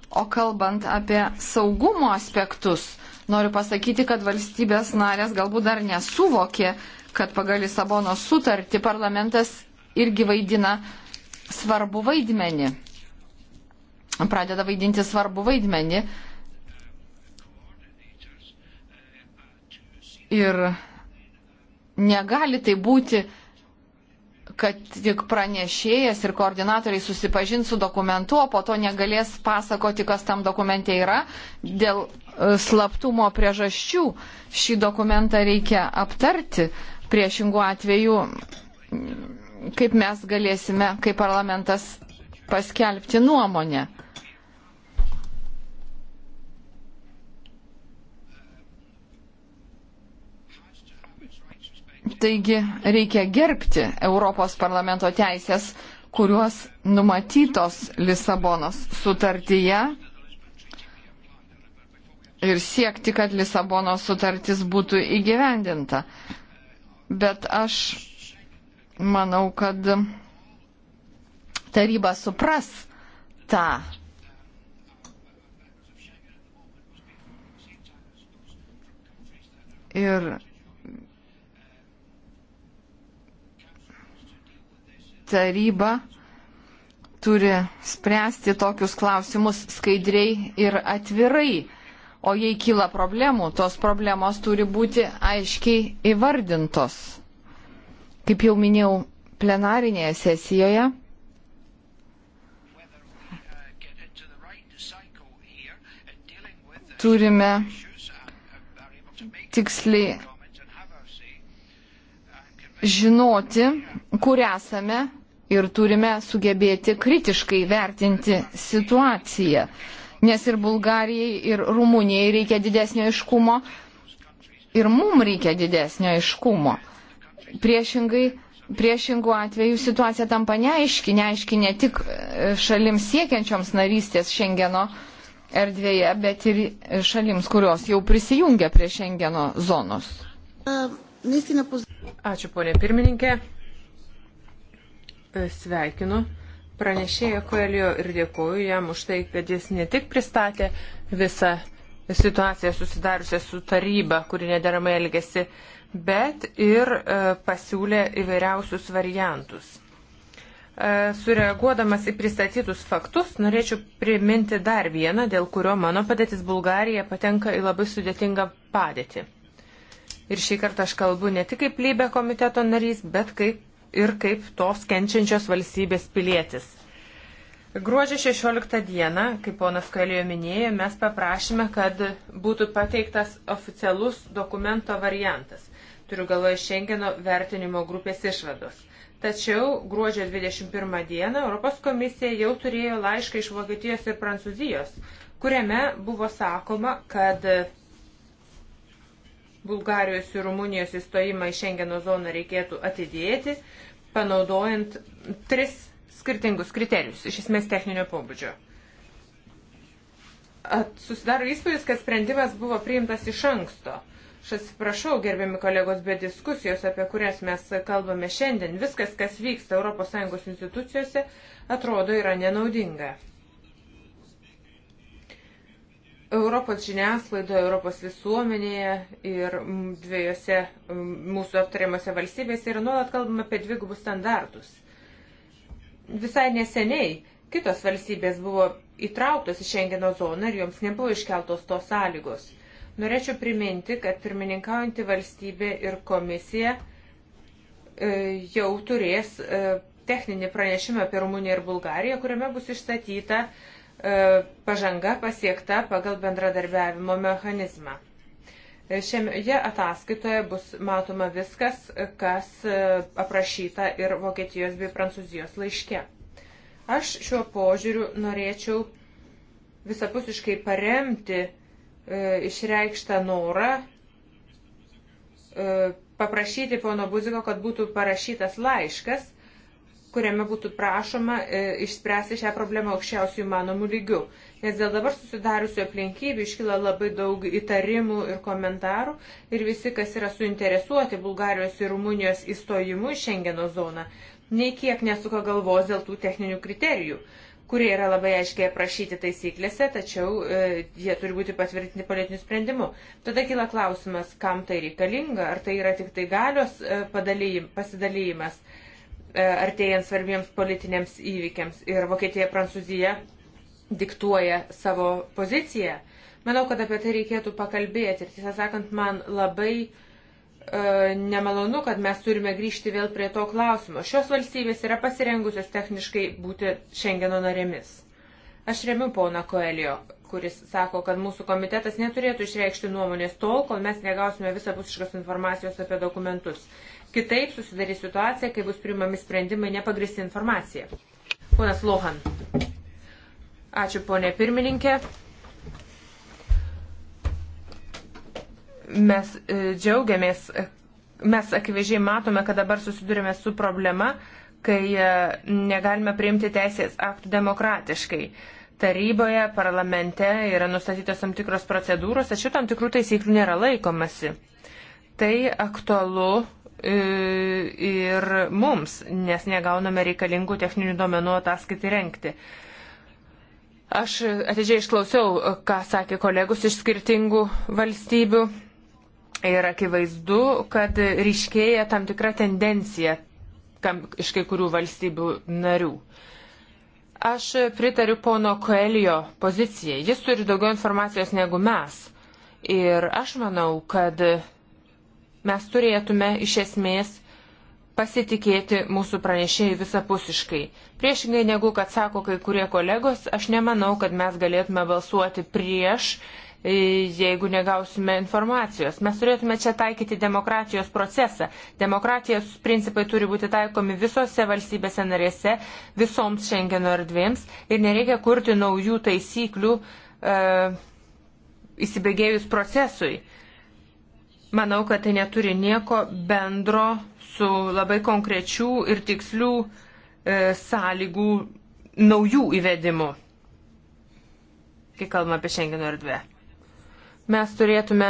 O kalbant apie saugumo aspektus, noriu pasakyti, kad valstybės narės galbūt dar nesuvokė, kad pagal Lisabono sutartį parlamentas irgi vaidina svarbu vaidmenį. Pradeda vaidinti svarbu vaidmenį Ir negali tai būti, kad tik pranešėjas ir koordinatoriai susipažins su dokumentu, o po to negalės pasakoti, kas tam dokumente yra. Dėl e, slaptumo priežasčių šį dokumentą reikia aptarti. Priešingų atveju, kaip mes galėsime, kaip parlamentas, paskelbti nuomonę. Taigi reikia gerbti Europos parlamento teisės, kuriuos numatytos Lisabonos sutartyje ir siekti, kad Lisabonos sutartis būtų įgyvendinta. Bet aš manau, kad taryba supras tą. Ir taryba turi spręsti tokius klausimus skaidriai ir atvirai. O jei kyla problemų, tos problemos turi būti aiškiai įvardintos. Kaip jau minėjau plenarinėje sesijoje, turime tiksliai žinoti, kur esame ir turime sugebėti kritiškai vertinti situaciją. Nes ir Bulgarijai, ir Rumunijai reikia didesnio iškumo, ir mums reikia didesnio iškumo. Priešingai, priešingų atveju situacija tampa neaiški, neaiški ne tik e, šalims siekiančioms narystės Šengeno erdvėje, bet ir šalims, kurios jau prisijungia prie Šengeno zonos. Um. Ačiū, ponė pirmininkė. Sveikinu pranešėją Koelio ir dėkoju jam už tai, kad jis ne tik pristatė visą situaciją susidariusią su taryba, kuri nederamai elgesi, bet ir e, pasiūlė įvairiausius variantus. E, sureaguodamas į pristatytus faktus, norėčiau priminti dar vieną, dėl kurio mano padėtis Bulgarija patenka į labai sudėtingą padėtį. Ir šį kartą aš kalbu ne tik kaip lybė komiteto narys, bet kaip ir kaip tos kenčiančios valstybės pilietis. Gruodžio 16 dieną, kaip ponas Kalėjo minėjo, mes paprašėme, kad būtų pateiktas oficialus dokumento variantas. Turiu galvoje Šengeno vertinimo grupės išvados. Tačiau gruodžio 21 dieną Europos komisija jau turėjo laišką iš Vokietijos ir Prancūzijos, kuriame buvo sakoma, kad Bulgarijos ir Rumunijos įstojimą į Šengeno zoną reikėtų atidėti, panaudojant tris skirtingus kriterijus, iš esmės techninio pobūdžio. At, susidaro įspūdis, kad sprendimas buvo priimtas iš anksto. Aš atsiprašau, gerbiami kolegos, bet diskusijos, apie kurias mes kalbame šiandien, viskas, kas vyksta ES institucijose, atrodo yra nenaudinga. Europos žiniasklaidoje, Europos visuomenėje ir dviejose mūsų aptariamose valstybėse yra nuolat kalbama apie dvigubus standartus. Visai neseniai kitos valstybės buvo įtrauktos į Schengeno zoną ir joms nebuvo iškeltos tos sąlygos. Norėčiau priminti, kad pirmininkaujanti valstybė ir komisija e, jau turės e, techninį pranešimą apie Rumuniją ir Bulgariją, kuriame bus išstatyta uh, E, pažanga pasiekta pagal bendradarbiavimo mechanizmą. E, šioje ataskaitoje bus matoma viskas, kas e, aprašyta ir Vokietijos bei Prancūzijos laiške. Aš šiuo požiūriu norėčiau visapusiškai paremti e, išreikštą norą e, paprašyti pono Buziko, kad būtų parašytas laiškas, kuriame būtų prašoma e, išspręsti šią problemą aukščiausių įmanomų lygių. Nes dėl dabar susidariusių aplinkybių iškyla labai daug įtarimų ir komentarų ir visi, kas yra suinteresuoti Bulgarijos ir Rumunijos įstojimu į Šengeno zoną, nei kiek nesuka galvos dėl tų techninių kriterijų kurie yra labai aiškiai aprašyti taisyklėse, tačiau e, jie turi būti patvirtinti politiniu sprendimu. Tada kyla klausimas, kam tai reikalinga, ar tai yra tik tai galios e, padalyjim, pasidalyjimas, E, artėjant svarbiems politiniams įvykiams ir Vokietija, Prancūzija diktuoja savo poziciją. Manau, kad apie tai reikėtų pakalbėti ir tiesą sakant, man labai e, nemalonu, kad mes turime grįžti vėl prie to klausimo. Šios valstybės yra pasirengusios techniškai būti Šengeno narėmis. Aš remiu poną Koelio, kuris sako, kad mūsų komitetas neturėtų išreikšti nuomonės tol, kol mes negausime visapusiškos informacijos apie dokumentus. Kitaip susidarys situacija, kai bus primami sprendimai nepagristi informacija. Ponas Lohan. Ačiū, ponė pirmininkė. Mes e, džiaugiamės, e, mes akivaizdžiai matome, kad dabar susidurime su problema, kai e, negalime priimti teisės aktų demokratiškai. Taryboje, parlamente yra nustatytos tam tikros procedūros, tačiau tam tikrų taisyklių nėra laikomasi. Tai aktualu E, ir mums, nes negauname reikalingų techninių duomenų ataskaitai renkti. Aš atidžiai išklausiau, ką sakė kolegus iš skirtingų valstybių ir akivaizdu, kad ryškėja tam tikra tendencija kam, iš kai kurių valstybių narių. Aš pritariu pono Koelio pozicijai. Jis turi daugiau informacijos negu mes. Ir aš manau, kad mes turėtume iš esmės pasitikėti mūsų pranešėjai visapusiškai. Priešingai negu kad sako kai kurie kolegos, aš nemanau, kad mes galėtume balsuoti prieš, e, jeigu negausime informacijos. Mes turėtume čia taikyti demokratijos procesą. Demokratijos principai turi būti taikomi visose valstybėse narėse, visoms Schengeno erdvėms ir nereikia kurti naujų taisyklių. Uh, įsibėgėjus procesui. Manau, kad tai neturi nieko bendro su labai konkrečių ir tikslių e, sąlygų naujų įvedimu, kai kalbame apie Šengeno erdvę. Mes turėtume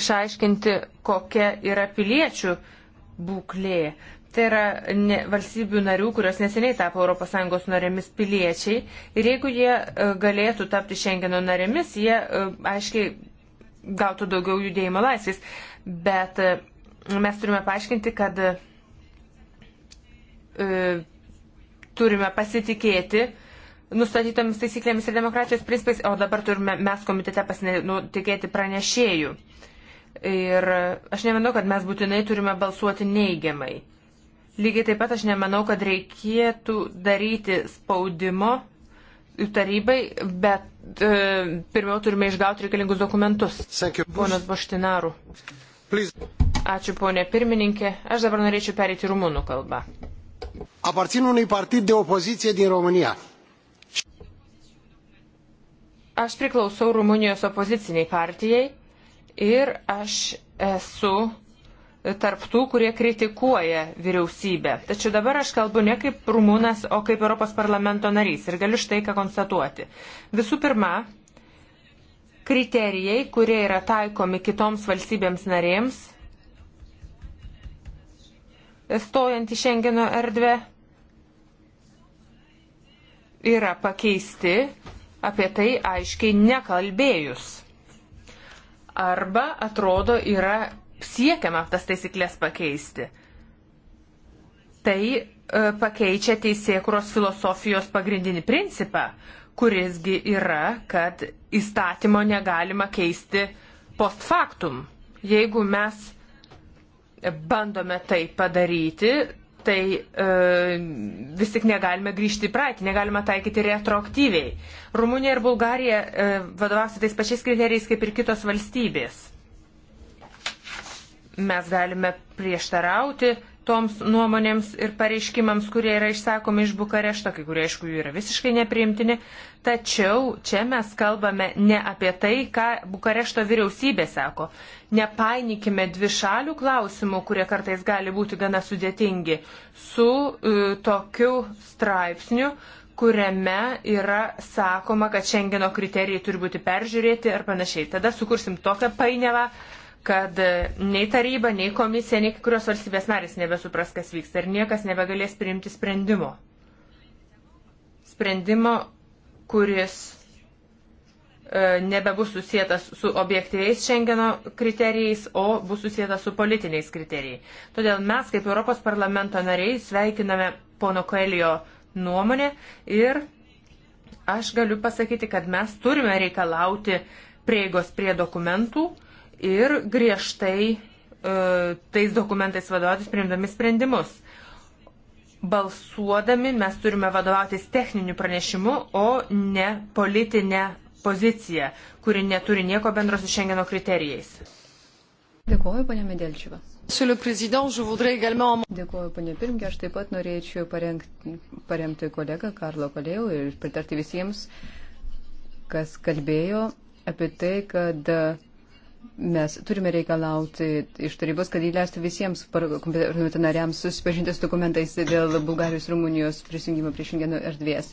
išaiškinti, kokia yra piliečių būklė. Tai yra ne, valstybių narių, kurios neseniai tapo ES narėmis piliečiai. Ir jeigu jie e, galėtų tapti Šengeno narėmis, jie e, aiškiai gautų daugiau judėjimo laisvės. Bet e, mes turime paaiškinti, kad e, turime pasitikėti nustatytomis taisyklėmis ir demokratijos principais, o dabar turime mes komitete pasitikėti nu, pranešėjų. Ir aš nemanau, kad mes būtinai turime balsuoti neigiamai. Lygiai taip pat aš nemanau, kad reikėtų daryti spaudimo tarybai, bet e, pirmiau turime išgauti reikalingus dokumentus. Ponas Boštinaru. Please. Ačiū, ponė pirmininkė. Aš dabar norėčiau perėti rumunų kalbą. Aparțin unui partid de opoziție din România. Aš priklausau Rumunijos opoziciniai partijai ir aš esu tarptų, kurie kritikuoja vyriausybę. Tačiau dabar aš kalbu ne kaip rumūnas, o kaip Europos parlamento narys ir galiu štai ką konstatuoti. Visų pirma, kriterijai, kurie yra taikomi kitoms valstybėms narėms, stojant į Šengeno erdvę, yra pakeisti apie tai aiškiai nekalbėjus. Arba atrodo yra siekiama tas taisyklės pakeisti. Tai e, pakeičia teisėkuros filosofijos pagrindinį principą, kurisgi yra, kad įstatymo negalima keisti post factum. Jeigu mes bandome tai padaryti, tai e, vis tik negalime grįžti į praeitį, negalime taikyti retroaktyviai. Rumunija ir Bulgarija e, vadovausi tais pačiais kriterijais kaip ir kitos valstybės. Mes galime prieštarauti toms nuomonėms ir pareiškimams, kurie yra išsakomi iš Bukarešto, kai kurie aišku jų yra visiškai nepriimtini. Tačiau čia mes kalbame ne apie tai, ką Bukarešto vyriausybė sako. Nepainikime dvi šalių klausimų, kurie kartais gali būti gana sudėtingi, su uh, tokiu straipsniu, kuriame yra sakoma, kad Šengeno kriterijai turi būti peržiūrėti ar panašiai. Tada sukursim tokią painiavą, uh, kad nei taryba, nei komisija, nei kurios valstybės narės nebesupras, kas vyksta ir niekas nebegalės priimti sprendimo. Sprendimo, kuris e, nebebus susijęs su objektyviais Schengeno kriterijais, o bus susijęs su politiniais kriterijais. Todėl mes, kaip Europos parlamento nariai, sveikiname pono Koelio nuomonę ir aš galiu pasakyti, kad mes turime reikalauti prieigos prie dokumentų, ir griežtai e, tais dokumentais vadovautis priimdami sprendimus. Balsuodami mes turime vadovautis techniniu pranešimu, o ne politinę poziciją, kuri neturi nieko bendro su Šengeno kriterijais. Dėkuoju, ponė Medelčiva. Dėkuoju, ponė Pirmke, aš taip pat norėčiau parengti, paremti kolegą Karlo Kalėjų ir pritarti visiems, kas kalbėjo apie tai, kad mes turime reikalauti iš tarybos, kad įleistų visiems komiteto nariams susipažinti su dokumentais dėl Bulgarijos Rumunijos prisijungimo prie šiandieno erdvės.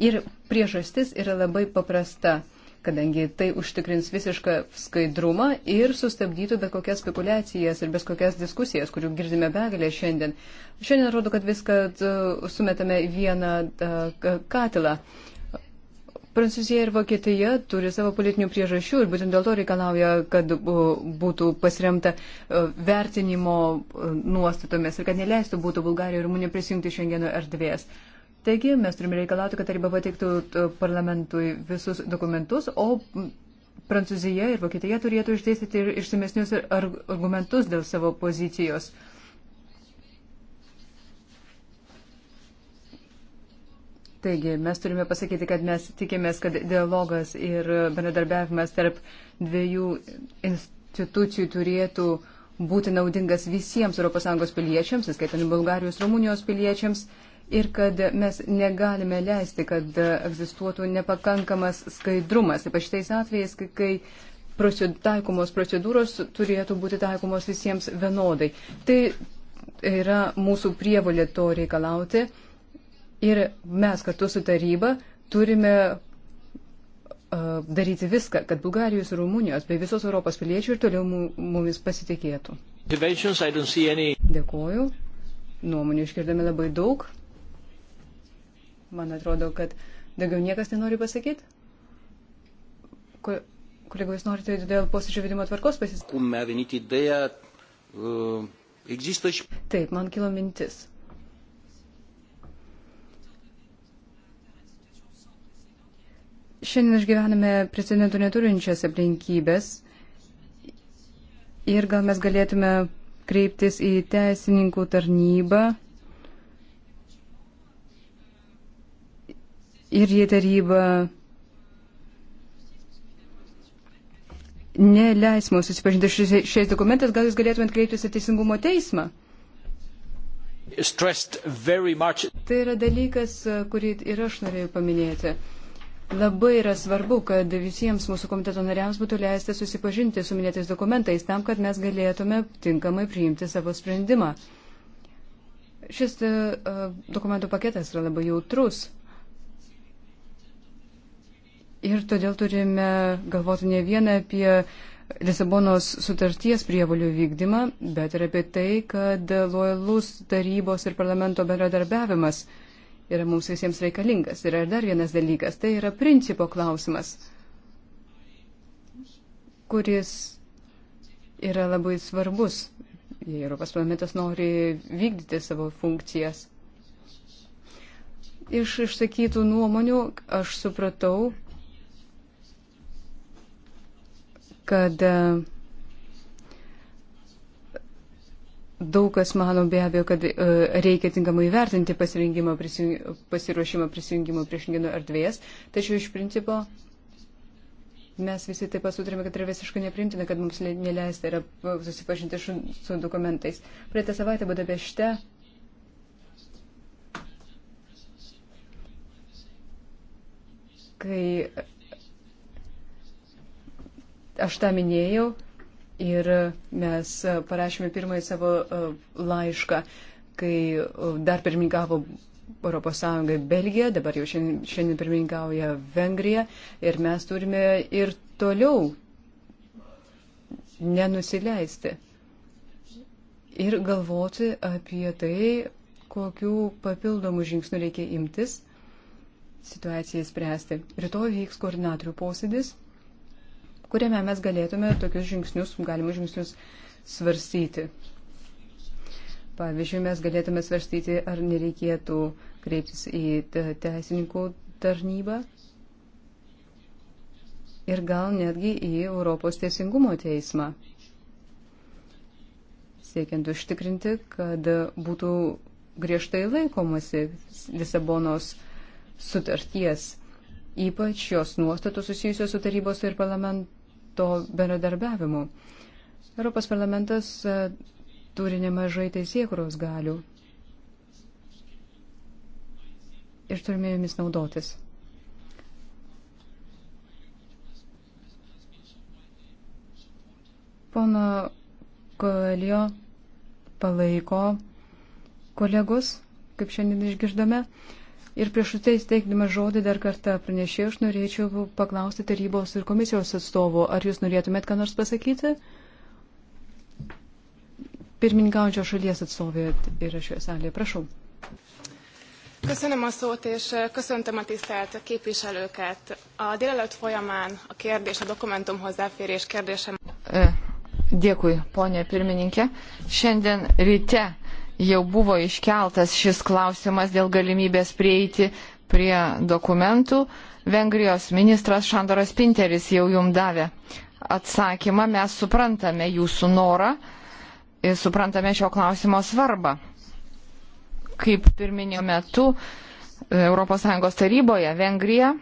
Ir priežastis yra labai paprasta, kadangi tai užtikrins visišką skaidrumą ir sustabdytų bet kokias spekulacijas ir bet kokias diskusijas, kurių girdime begalę šiandien. Šiandien rodo, kad viską uh, sumetame į vieną uh, katilą. Uh, Prancūzija ir Vokietija turi savo politinių priežasčių ir būtent dėl to reikalauja, kad būtų pasiremta e, vertinimo e, nuostatomis ir kad neleistų būtų Bulgarija ir Rumunija prisijungti šiandieno erdvės. Taigi mes turime reikalauti, kad taryba pateiktų e, parlamentui visus dokumentus, o Prancūzija ir Vokietija turėtų išdėstyti ir išsamesnius argumentus dėl savo pozicijos. Taigi, mes turime pasakyti, kad mes tikimės, kad dialogas ir bendradarbiavimas tarp dviejų institucijų turėtų būti naudingas visiems ES piliečiams, įskaitant Bulgarijos, Rumunijos piliečiams, ir kad mes negalime leisti, kad egzistuotų nepakankamas skaidrumas, ypač tais atvejais, kai taikomos procedūros turėtų būti taikomos visiems vienodai. Tai yra mūsų prievalė to reikalauti Ir mes kartu su taryba turime daryti viską, kad Bulgarijos, Rumunijos bei visos Europos piliečių ir toliau mumis pasitikėtų. Dėkuoju. Nuomonių išgirdome labai daug. Man atrodo, kad daugiau niekas nenori pasakyti. Ko, Kolego, jūs norite dėl posėdžio vedimo tvarkos pasisakyti? Uh, Taip, man kilo mintis. Šiandien išgyvename precedento neturinčias aplinkybės ir gal mes galėtume kreiptis į teisininkų tarnybą ir jie taryba neleis mums susipažinti šiais dokumentais, gal jūs galėtumėt kreiptis į teisingumo teismą. Tai yra dalykas, kurį ir aš norėjau paminėti. Labai yra svarbu, kad visiems mūsų komiteto nariams būtų leista susipažinti su minėtais dokumentais tam, kad mes galėtume tinkamai priimti savo sprendimą. Šis uh, dokumentų paketas yra labai jautrus. Ir todėl turime galvoti ne vieną apie Lisabonos sutarties prievalių vykdymą, bet ir apie tai, kad lojalus tarybos ir parlamento bendradarbiavimas uh, yra mums visiems reikalingas. Yra ir dar vienas dalykas, tai yra principo klausimas, kuris yra labai svarbus, jei Europos parlamentas nori vykdyti savo funkcijas. Iš išsakytų nuomonių aš supratau, kad uh, Daug kas mano be abejo, kad e, reikia tinkamai vertinti pasirinkimą, prisijung, pasiruošimą prisijungimo prie šengino erdvės, tačiau iš principo mes visi taip pat sutarėme, kad tai yra visiškai neprimtina, kad mums neleista yra e, susipažinti šu, su dokumentais. Praeitą savaitę Budapešte kai e, aš tą minėjau, Ir mes parašėme pirmąjį savo e, laišką, kai e, dar pirmininkavo ES Belgija, dabar jau šiandien, šiandien pirmininkauja Vengrija ir mes turime ir toliau nenusileisti ir galvoti apie tai, kokių papildomų žingsnių reikia imtis situacijai spręsti. Rytoj vyks koordinatorių posėdis kuriame mes galėtume tokius žingsnius, galimus žingsnius svarstyti. Pavyzdžiui, mes galėtume svarstyti, ar nereikėtų kreiptis į teisininkų tarnybą ir gal netgi į Europos teisingumo teismą, siekiant užtikrinti, kad būtų griežtai laikomasi Lisabonos sutarties, ypač jos nuostatų susijusios su tarybos ir parlamento to bendradarbiavimo. Europos parlamentas e, turi nemažai teisėkuros galių ir turime jomis naudotis. Pono Koelio palaiko kolegos, kaip šiandien išgirdome, uh, Ir prieš tai steigdama žodį dar kartą pranešėjau, aš norėčiau paklausti tarybos ir komisijos atstovų, ar jūs norėtumėt ką nors pasakyti? Pirmininkaujančio šalies atstovė yra šioje salėje. Prašau. Köszönöm a szót, és eh, köszöntöm a tisztelt képviselőket. A délelőtt folyamán a kérdés, a dokumentum hozzáférés kérdésem. Eh, dėkui, ponė pirmininkė. Šiandien ryte jau buvo iškeltas šis klausimas dėl galimybės prieiti prie dokumentų. Vengrijos ministras Šandoras Pinteris jau jum davė atsakymą. Mes suprantame jūsų norą ir suprantame šio klausimo svarbą. Kaip pirminio metu ES taryboje Vengrija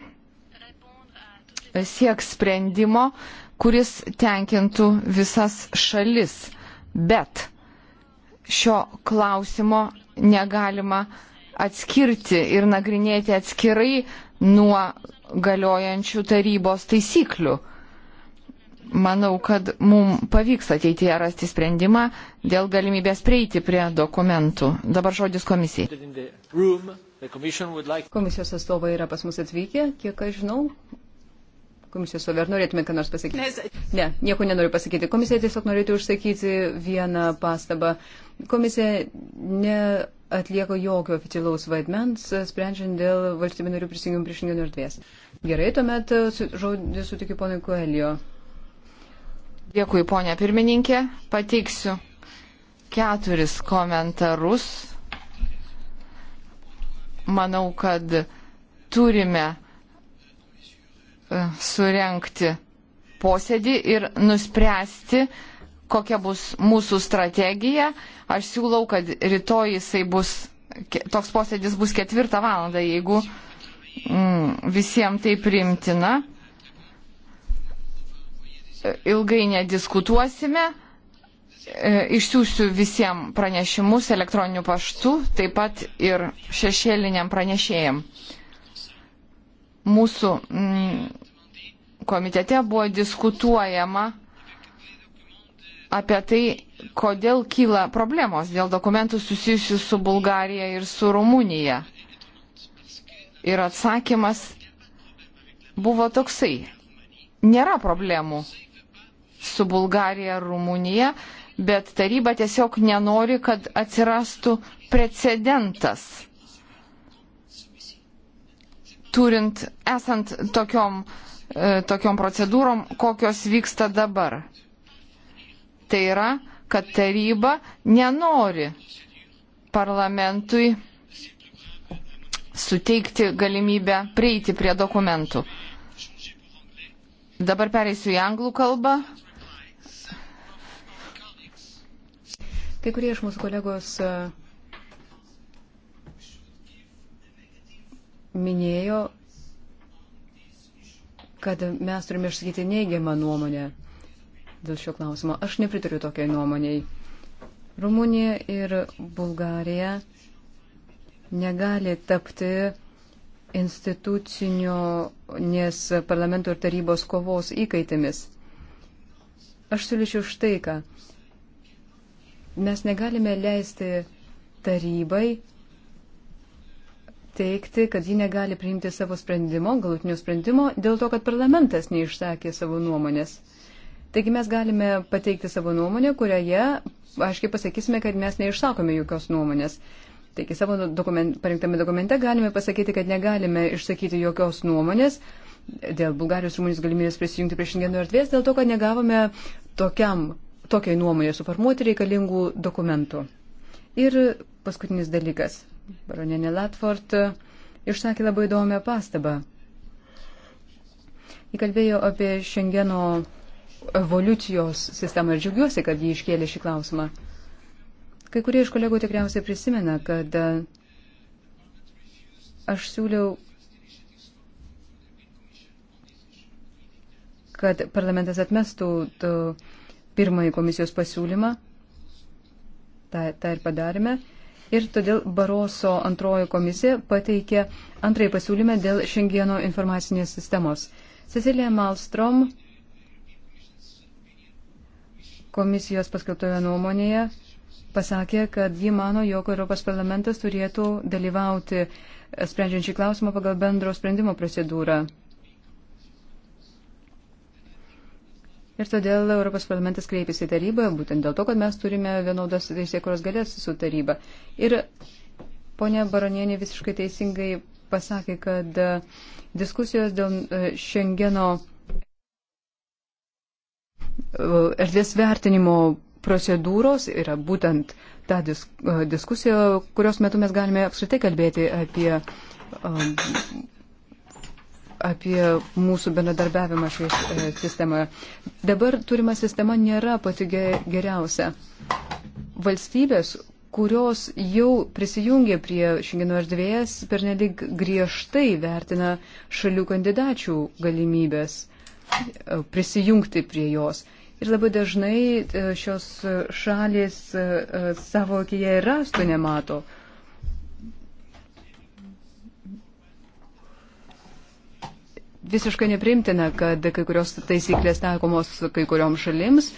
sieks sprendimo, kuris tenkintų visas šalis. Bet šio klausimo negalima atskirti ir nagrinėti atskirai nuo galiojančių tarybos taisyklių. Manau, kad mums pavyks ateityje rasti sprendimą dėl galimybės prieiti prie dokumentų. Dabar žodis komisijai. Komisijos atstovai yra pas mus atvykę, kiek aš žinau, Komisijos sovė, ar norėtume ką nors pasakyti? Ne, nieko nenoriu pasakyti. Komisija tiesiog norėtų užsakyti vieną pastabą. Komisija neatlieko jokio oficialaus vaidmens, e, sprendžiant dėl valstybių narių prisijungimų prie šiandienų erdvės. Gerai, tuomet e, žodį sutikiu ponui Koelio. Dėkui, ponė pirmininkė. Pateiksiu keturis komentarus. Manau, kad turime E, surenkti posėdį ir nuspręsti, kokia bus mūsų strategija. Aš siūlau, kad rytoj jisai bus, toks posėdis bus ketvirtą valandą, jeigu mm, visiems tai primtina. E, ilgai nediskutuosime. E, išsiųsiu visiems pranešimus elektroniniu paštu, taip pat ir šešėliniam pranešėjim. Mūsų mm, komitete buvo diskutuojama apie tai, kodėl kyla problemos dėl dokumentų susijusių su Bulgarija ir su Rumunija. Ir atsakymas buvo toksai. Nėra problemų su Bulgarija ir Rumunija, bet taryba tiesiog nenori, kad atsirastų precedentas turint, esant tokiom, e, tokiom procedūrom, kokios vyksta dabar. Tai yra, kad taryba nenori parlamentui suteikti galimybę prieiti prie dokumentų. Dabar pereisiu į anglų kalbą. Kai kurie iš mūsų kolegos uh, minėjo, kad mes turime išsakyti neigiamą nuomonę dėl šio klausimo. Aš nepritariu tokiai nuomoniai. Rumunija ir Bulgarija negali tapti institucinio nes parlamento ir tarybos kovos įkaitėmis. Aš siūlyčiau štai ką. Mes negalime leisti tarybai teikti, kad ji negali priimti savo sprendimo, galutinio sprendimo, dėl to, kad parlamentas neišsakė savo nuomonės. Taigi mes galime pateikti savo nuomonę, kurioje aiškiai pasakysime, kad mes neišsakome jokios nuomonės. Taigi savo dokument, parengtame dokumente galime pasakyti, kad negalime išsakyti jokios nuomonės dėl Bulgarijos Rumunijos galimybės prisijungti prie šiandienų erdvės, dėl to, kad negavome tokiam, tokiai nuomonė suformuoti reikalingų dokumentų. Ir paskutinis dalykas. Baroninė Latford e, išsakė labai įdomią pastabą. Ji kalbėjo apie Šengeno evoliucijos sistemą ir džiugiuosi, kad ji iškėlė šį klausimą. Kai kurie iš kolegų tikriausiai prisimena, kad e, aš siūliau, kad parlamentas atmestų pirmąjį komisijos pasiūlymą. Ta, ta ir padarėme ir todėl Baroso antroji komisija pateikė antrąjį pasiūlymą dėl Šengeno informacinės sistemos. Cecilija Malstrom komisijos paskelbtoje nuomonėje pasakė, kad ji mano, jog Europos parlamentas turėtų dalyvauti sprendžiant šį klausimą pagal bendro sprendimo procedūrą. Ir todėl Europos parlamentas kreipėsi į tarybą, būtent dėl to, kad mes turime vienodas teisėkuros galės su taryba. Ir ponia Baronienė visiškai teisingai pasakė, kad e, diskusijos dėl Šengeno e, e, erdvės vertinimo procedūros yra būtent ta diskusija, kurios metu mes galime apskritai kalbėti apie apie mūsų bendradarbiavimą šioje e, sistemoje. Dabar turima sistema nėra pati geriausia. Valstybės, kurios jau prisijungė prie šengino erdvėjas, pernelyg griežtai vertina šalių kandidačių galimybės e, prisijungti prie jos. Ir labai dažnai e, šios šalis savo akyje ir rastų nemato. visiškai neprimtina, kad kai kurios taisyklės taikomos kai kurioms šalims,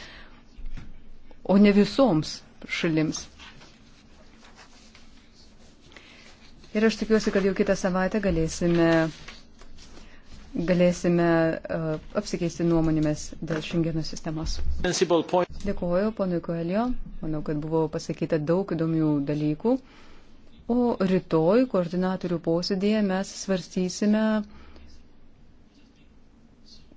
o ne visoms šalims. Ir aš tikiuosi, kad jau kitą savaitę galėsime, galėsime uh, apsikeisti nuomonėmis dėl šengeno sistemos. Dėkuoju, ponui Koelio. Manau, kad buvo pasakyta daug įdomių dalykų. O rytoj koordinatorių posėdėje mes svarstysime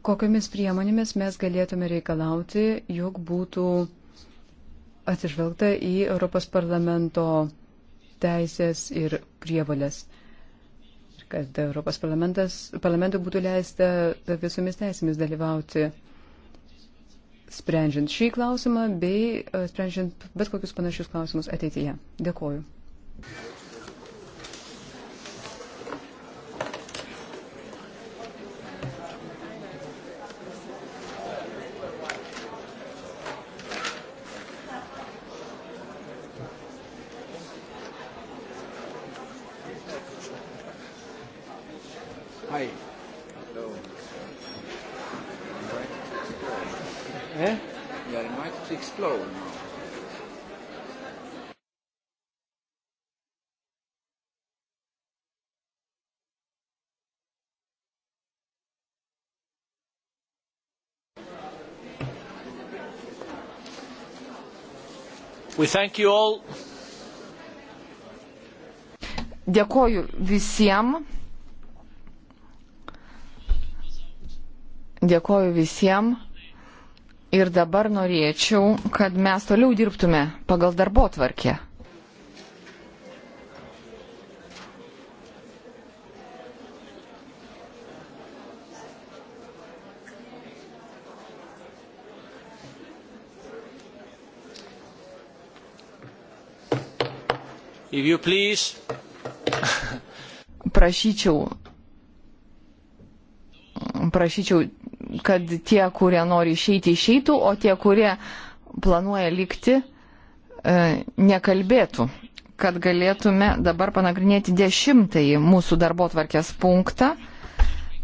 kokiamis priemonėmis mes galėtume reikalauti, jog būtų atsižvelgta į Europos parlamento teisės ir prievalės. Ir kad Europos parlamentui būtų leista visomis teisėmis dalyvauti sprendžiant šį klausimą bei sprendžiant bet kokius panašius klausimus ateityje. Dėkoju. Dėkoju visiems. Dėkoju visiems. Ir dabar norėčiau, kad mes toliau dirbtume pagal darbo tvarkę. Prašyčiau, prašyčiau, kad tie, kurie nori išeiti, išeitų, o tie, kurie planuoja likti, e, nekalbėtų, kad galėtume dabar panagrinėti dešimtąjį mūsų darbo tvarkės punktą.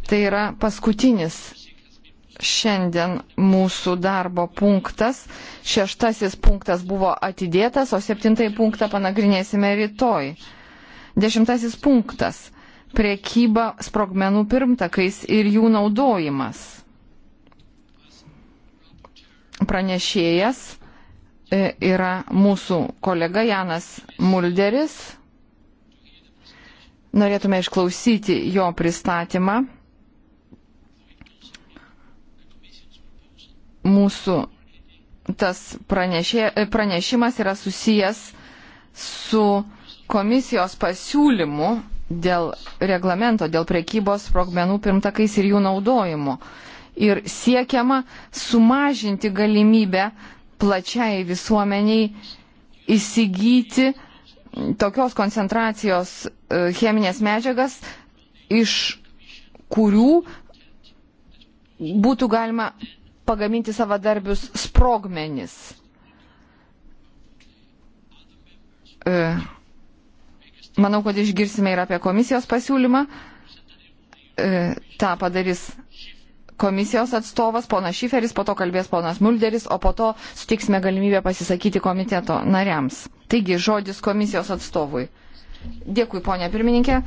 Tai yra paskutinis šiandien mūsų darbo punktas. Šeštasis punktas buvo atidėtas, o septintąjį punktą panagrinėsime rytoj. Dešimtasis punktas - priekyba sprogmenų pirmtakais ir jų naudojimas. Pranešėjas e, yra mūsų kolega Janas Mulderis. Norėtume išklausyti jo pristatymą. mūsų tas pranešė, pranešimas yra susijęs su komisijos pasiūlymu dėl reglamento, dėl prekybos sprogmenų pirmtakais ir jų naudojimo. Ir siekiama sumažinti galimybę plačiai visuomeniai įsigyti tokios koncentracijos e, cheminės medžiagas, iš kurių būtų galima pagaminti savadarbius sprogmenis. E, manau, kad išgirsime ir apie komisijos pasiūlymą. E, Ta padarys komisijos atstovas, ponas Šiferis, po to kalbės ponas Mulderis, o po to sutiksime galimybę pasisakyti komiteto nariams. Taigi, žodis komisijos atstovui. Dėkui, ponė pirmininkė.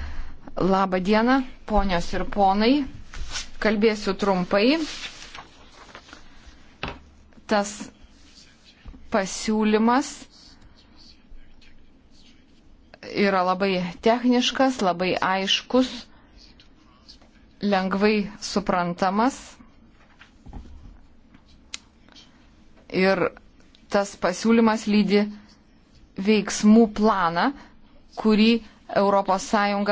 Labą dieną, ponios ir ponai. Kalbėsiu trumpai tas pasiūlymas yra labai techniškas, labai aiškus, lengvai suprantamas. Ir tas pasiūlymas lydi veiksmų planą, kurį ES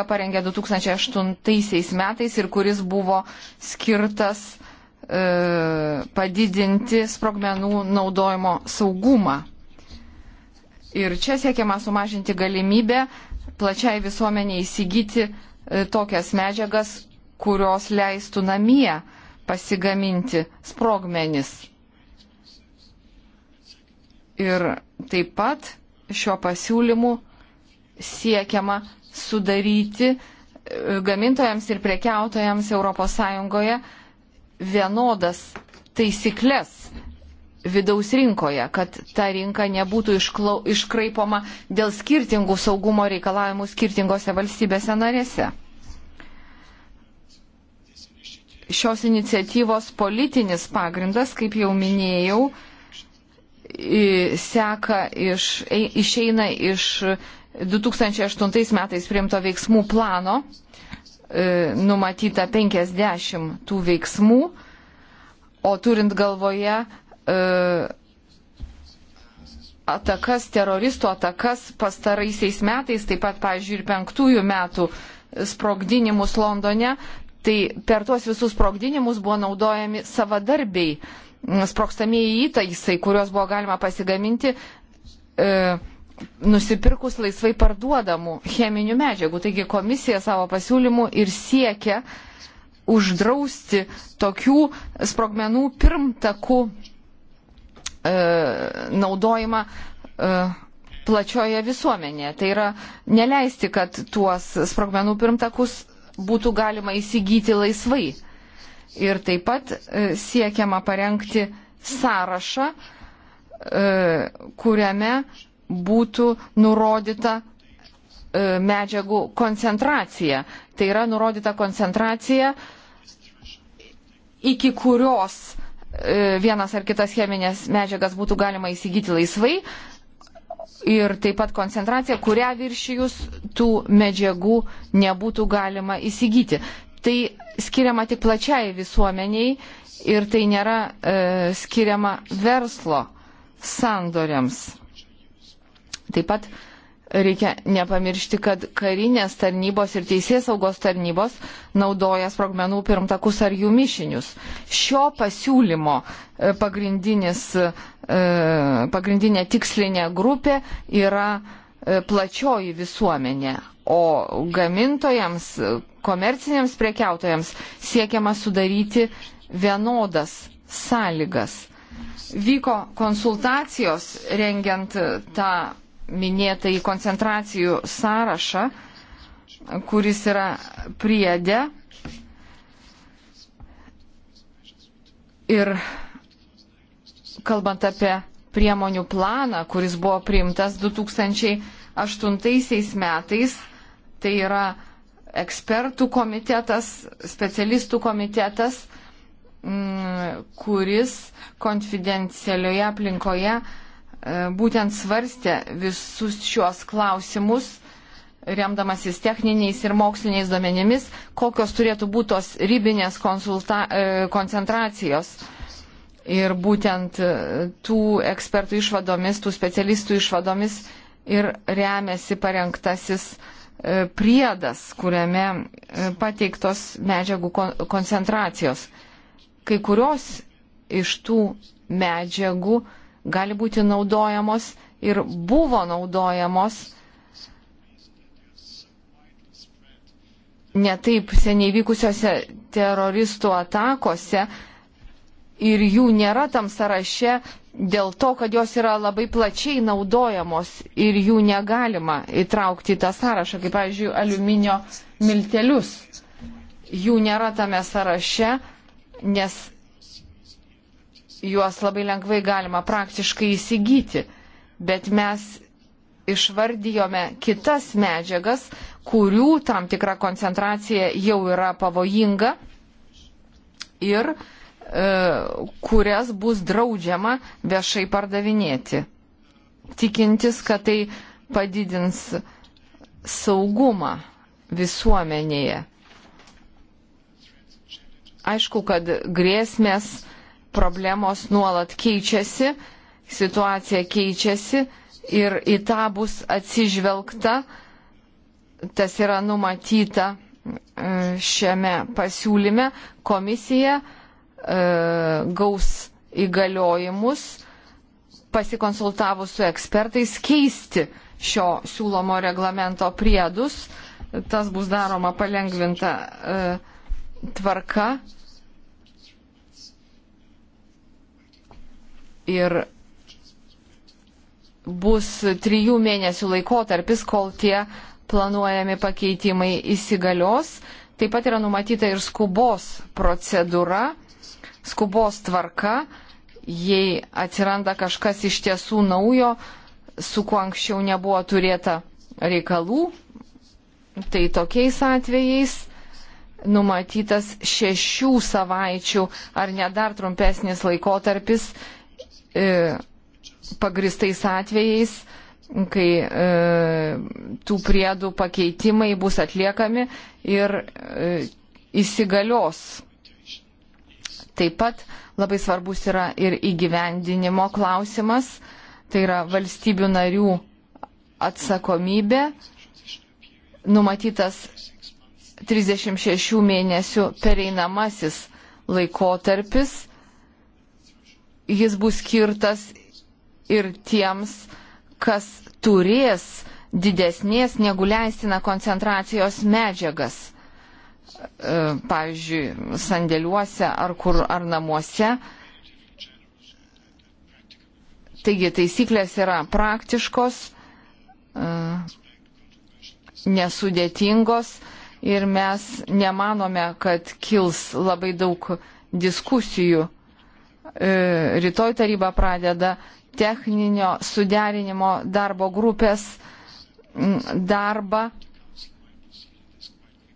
parengė 2008 metais ir kuris buvo skirtas E, padidinti sprogmenų naudojimo saugumą. Ir čia siekiama sumažinti galimybę plačiai visuomenė įsigyti e, tokias medžiagas, kurios leistų namie pasigaminti sprogmenis. Ir taip pat šiuo pasiūlymu siekiama sudaryti e, gamintojams ir prekiautojams ES vienodas taisyklės vidaus rinkoje, kad ta rinka nebūtų išklau, iškraipoma dėl skirtingų saugumo reikalavimų skirtingose valstybėse narėse. Šios iniciatyvos politinis pagrindas, kaip jau minėjau, seka iš, e, išeina iš 2008 metais priimto veiksmų plano, E, numatyta 50 tų veiksmų, o turint galvoje e, atakas, teroristų atakas pastaraisiais metais, taip pat, pavyzdžiui, ir penktųjų metų sprogdinimus Londone, tai per tuos visus sprogdinimus buvo naudojami savadarbiai sprogstamieji įtaisai, kuriuos buvo galima pasigaminti. E, nusipirkus laisvai parduodamų cheminių medžiagų. Taigi komisija savo pasiūlymų ir siekia uždrausti tokių sprogmenų pirmtakų e, naudojimą e, plačioje visuomenėje. Tai yra neleisti, kad tuos sprogmenų pirmtakus būtų galima įsigyti laisvai. Ir taip pat e, siekiama parengti sąrašą, e, kuriame būtų nurodyta e, medžiagų koncentracija. Tai yra nurodyta koncentracija, iki kurios e, vienas ar kitas cheminės medžiagas būtų galima įsigyti laisvai ir taip pat koncentracija, kurią viršijus tų medžiagų nebūtų galima įsigyti. Tai skiriama tik plačiai visuomeniai ir tai nėra e, skiriama verslo sandoriams. Taip pat reikia nepamiršti, kad karinės tarnybos ir teisės saugos tarnybos naudoja sprogmenų pirmtakus ar jų mišinius. Šio pasiūlymo e, e, pagrindinė tikslinė grupė yra e, plačioji visuomenė, o gamintojams, komerciniams prekiautojams siekiama sudaryti vienodas sąlygas. Vyko konsultacijos rengiant tą minėtą į koncentracijų sąrašą, kuris yra priedė. Ir kalbant apie priemonių planą, kuris buvo priimtas 2008 metais, tai yra ekspertų komitetas, specialistų komitetas, mm, kuris konfidencialioje aplinkoje uh, E, būtent svarstė visus šios klausimus, remdamasis techniniais ir moksliniais duomenimis, kokios turėtų būti tos ribinės konsulta, e, koncentracijos. Ir būtent e, tų ekspertų išvadomis, tų specialistų išvadomis ir remiasi parengtasis priedas, kuriame pateiktos medžiagų koncentracijos. Kai kurios iš tų medžiagų uh, gali būti naudojamos ir buvo naudojamos netaip seniai vykusiose teroristų atakose ir jų nėra tam sąraše dėl to, kad jos yra labai plačiai naudojamos ir jų negalima įtraukti į tą sąrašą, kaip, pavyzdžiui, aliuminio miltelius. Jų nėra tame sąraše, nes juos labai lengvai galima praktiškai įsigyti, bet mes išvardijome kitas medžiagas, kurių tam tikra koncentracija jau yra pavojinga ir e, kurias bus draudžiama viešai pardavinėti, tikintis, kad tai padidins saugumą visuomenėje. Aišku, kad grėsmės problemos nuolat keičiasi, situacija keičiasi ir į tą bus atsižvelgta, tas yra numatyta e, šiame pasiūlyme, komisija e, gaus įgaliojimus pasikonsultavus su ekspertais keisti šio siūlomo reglamento priedus. Tas bus daroma palengvinta e, tvarka ir bus trijų mėnesių laikotarpis, kol tie planuojami pakeitimai įsigalios. Taip pat yra numatyta ir skubos procedūra, skubos tvarka, jei atsiranda kažkas iš tiesų naujo, su kuo anksčiau nebuvo turėta reikalų, tai tokiais atvejais numatytas šešių savaičių ar net dar trumpesnis laikotarpis E, pagristais atvejais, kai e, tų priedų pakeitimai bus atliekami ir e, įsigalios. Taip pat labai svarbus yra ir įgyvendinimo klausimas, tai yra valstybių narių atsakomybė, numatytas 36 mėnesių pereinamasis laikotarpis jis bus skirtas ir tiems, kas turės didesnės negu leistina koncentracijos medžiagas. E, pavyzdžiui, sandėliuose ar kur ar namuose. Taigi taisyklės yra praktiškos, e, nesudėtingos ir mes nemanome, kad kils labai daug diskusijų E, rytoj taryba pradeda techninio suderinimo darbo grupės darbą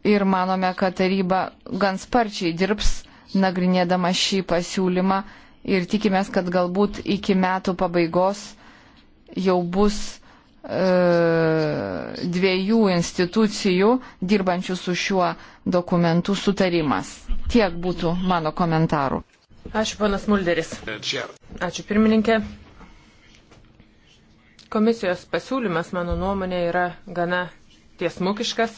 ir manome, kad taryba gan sparčiai dirbs nagrinėdama šį pasiūlymą ir tikimės, kad galbūt iki metų pabaigos jau bus e, dviejų institucijų dirbančių su šiuo dokumentu sutarimas. Tiek būtų mano komentarų. Ačiū, ponas Mulderis. Ačiū, pirmininkė. Komisijos pasiūlymas, mano nuomonė, yra gana tiesmukiškas.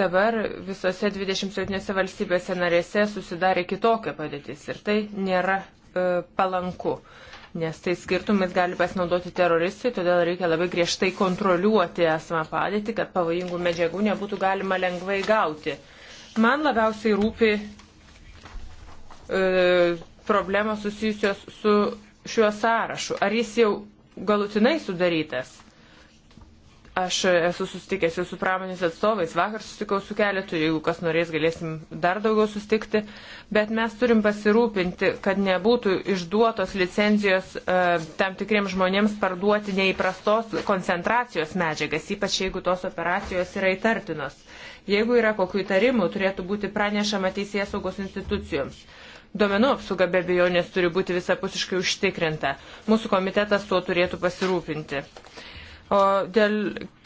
Dabar visose 27 valstybėse narėse susidarė kitokia padėtis ir tai nėra e, palanku, nes tai skirtumais gali pasinaudoti teroristai, todėl reikia labai griežtai kontroliuoti esamą padėtį, kad pavojingų medžiagų nebūtų galima lengvai gauti. Man labiausiai rūpi E, problemos susijusios su šiuo sąrašu. Ar jis jau galutinai sudarytas? Aš esu susitikęs jau su pramonės atstovais, vakar susitikau su keletu, jeigu kas norės, galėsim dar daugiau susitikti, bet mes turim pasirūpinti, kad nebūtų išduotos licencijos e, tam tikriems žmonėms parduoti neįprastos koncentracijos medžiagas, ypač jeigu tos operacijos yra įtartinos. Jeigu yra kokių įtarimų, turėtų būti pranešama teisės saugos institucijoms. Duomenų apsauga be abejonės turi būti visapusiškai užtikrinta. Mūsų komitetas tuo turėtų pasirūpinti. O dėl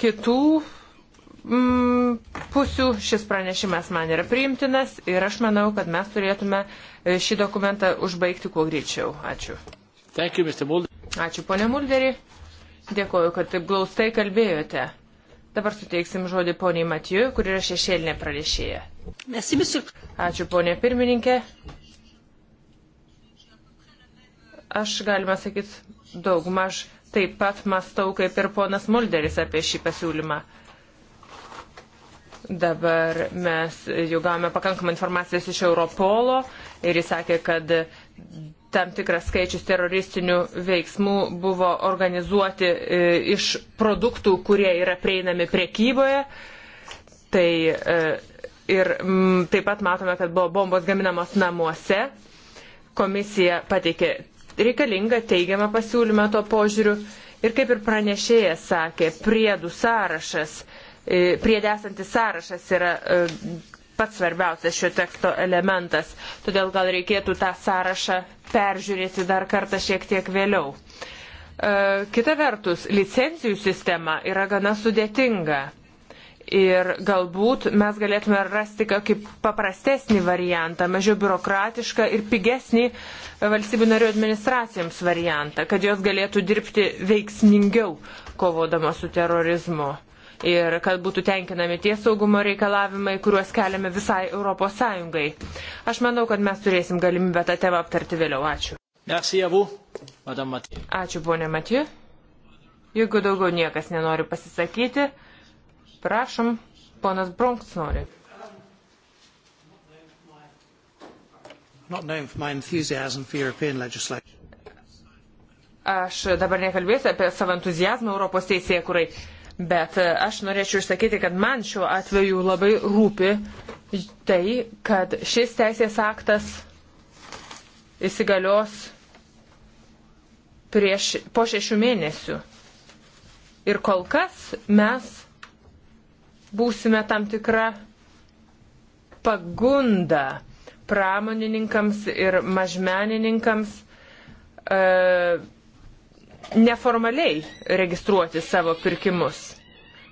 kitų mm, pusių šis pranešimas man yra priimtinas ir aš manau, kad mes turėtume e, šį dokumentą užbaigti kuo greičiau. Ačiū. Thank you, Ačiū, ponė Mulderi. Dėkoju, kad taip glaustai kalbėjote. Dabar suteiksim žodį poniai Matiju, kur yra šešėlinė pranešėja. Ačiū, ponė pirmininkė. Aš, galima sakyti, daugmaž taip pat mastau kaip ir ponas Mulderis apie šį pasiūlymą. Dabar mes jau gavome pakankamą informacijos iš Europolo ir jis sakė, kad tam tikras skaičius teroristinių veiksmų buvo organizuoti e, iš produktų, kurie yra prieinami prekyboje. Tai e, ir taip pat matome, kad buvo bombos gaminamos namuose. Komisija pateikė reikalinga teigiama pasiūlyma to požiūriu. Ir kaip ir pranešėjas sakė, priedų sąrašas, e, priedesantis sąrašas yra e, pats svarbiausias šio teksto elementas, todėl gal reikėtų tą sąrašą peržiūrėti dar kartą šiek tiek vėliau. E, kita vertus, licencijų sistema yra gana sudėtinga ir galbūt mes galėtume rasti kokį paprastesnį variantą, mažiau biurokratišką ir pigesnį valstybių narių administracijoms variantą, kad jos galėtų dirbti veiksmingiau kovodama su terorizmu ir kad būtų tenkinami tie saugumo reikalavimai, kuriuos keliame visai Europos Sąjungai. Aš manau, kad mes turėsim galimybę tą temą aptarti vėliau. Ačiū. Merci à vous, Madame Mathieu. Ačiū, ponė Mathieu. Jeigu daugiau niekas nenori pasisakyti, prašom, ponas Bronks nori. not known for my enthusiasm for European legislation. Aš dabar nekalbėsiu apie savo entuzijazmą Europos teisėje, kurai, bet e, aš norėčiau išsakyti, kad man šiuo atveju labai rūpi tai, kad šis teisės aktas įsigalios prieš, po šešių mėnesių. Ir kol kas mes būsime tam tikrą pagundą pramonininkams ir mažmenininkams e, neformaliai registruoti savo pirkimus.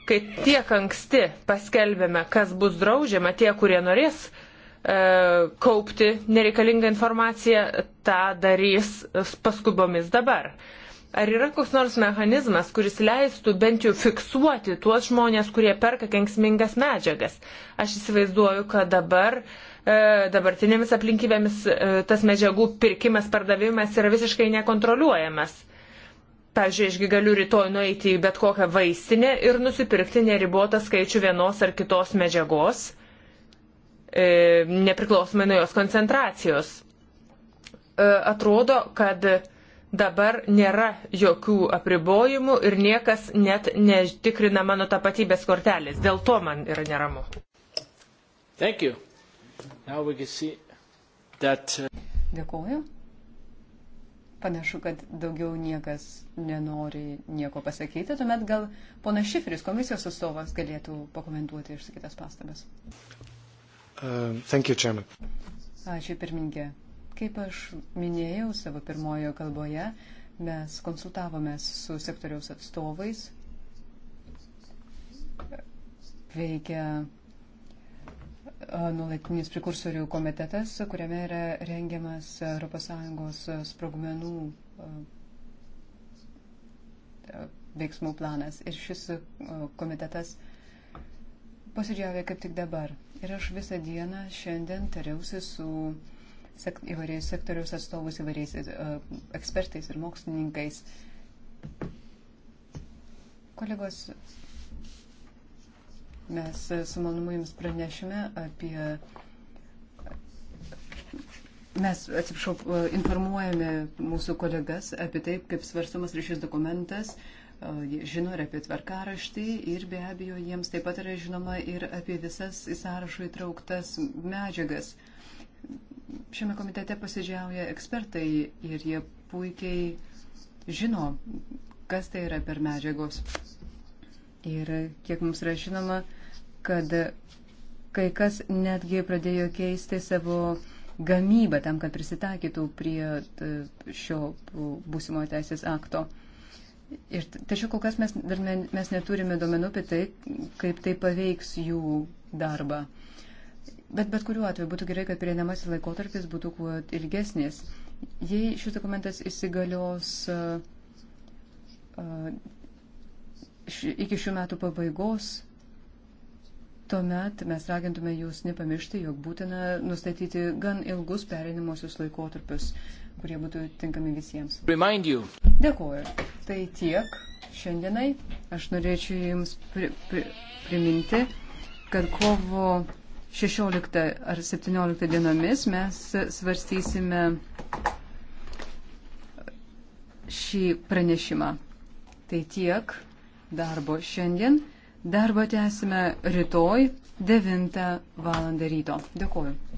Kai tiek anksti paskelbėme, kas bus draudžiama, tie, kurie norės e, kaupti nereikalingą informaciją, tą darys paskubomis dabar. Ar yra koks nors mechanizmas, kuris leistų bent jau fiksuoti tuos žmonės, kurie perka kenksmingas medžiagas? Aš įsivaizduoju, kad dabar uh, E, dabartinėmis aplinkybėmis e, tas medžiagų pirkimas, pardavimas yra visiškai nekontroliuojamas. Pavyzdžiui, išgi galiu rytoj nueiti į bet kokią vaistinę ir nusipirkti neribotą skaičių vienos ar kitos medžiagos, e, nepriklausomai nuo jos koncentracijos. Atrodo, kad dabar nėra jokių apribojimų ir niekas net netikrina mano tapatybės kortelės. Dėl to man yra neramu. Thank you. That... Uh, Dėkuoju. Panašu, kad daugiau niekas nenori nieko pasakyti, tuomet gal pona Šifris, komisijos atstovas, galėtų pakomentuoti išsakytas pastabas. Uh, thank you, Chairman. Ačiū, pirmininkė. Kaip aš minėjau savo pirmojo kalboje, mes konsultavomės su sektoriaus atstovais. Veikia nulaikomis prikursorių komitetas, kuriame yra rengiamas ES sprogmenų veiksmų planas. Ir šis komitetas posėdžiavė kaip tik dabar. Ir aš visą dieną šiandien tariausi su sekt, įvairiais sektoriaus atstovus, įvairiais uh, ekspertais ir mokslininkais. Kolegos, Mes e, su malonumu Jums pranešime apie. Mes, atsiprašau, e, informuojame mūsų kolegas apie taip, kaip svarstomas ryšys dokumentas, e, žino ir apie tvarkaraštį ir be abejo jiems taip pat yra žinoma ir apie visas į sąrašų įtrauktas medžiagas. Šiame komitete posėdžiauja ekspertai ir jie puikiai žino, kas tai yra per medžiagos. Ir kiek mums yra žinoma, kad kai kas netgi pradėjo keisti savo gamybą tam, kad prisitaikytų prie šio būsimo teisės akto. Ir tačiau kol kas mes, dar, mes neturime domenų apie tai, kaip tai paveiks jų darbą. Bet bet kuriuo atveju būtų gerai, kad prieinamasis laikotarpis būtų kuo ilgesnis. Jei šis dokumentas įsigalios uh, iki šių metų pabaigos, tuomet mes ragintume jūs nepamiršti, jog būtina nustatyti gan ilgus perinimuosius laikotarpius, kurie būtų tinkami visiems. Dėkuoju. Tai tiek šiandienai. Aš norėčiau Jums pri, pri, priminti, kad kovo 16 ar 17 dienomis mes svarstysime šį pranešimą. Tai tiek darbo šiandien. Darbą tęsime rytoj 9 val. ryto. Dėkuoju.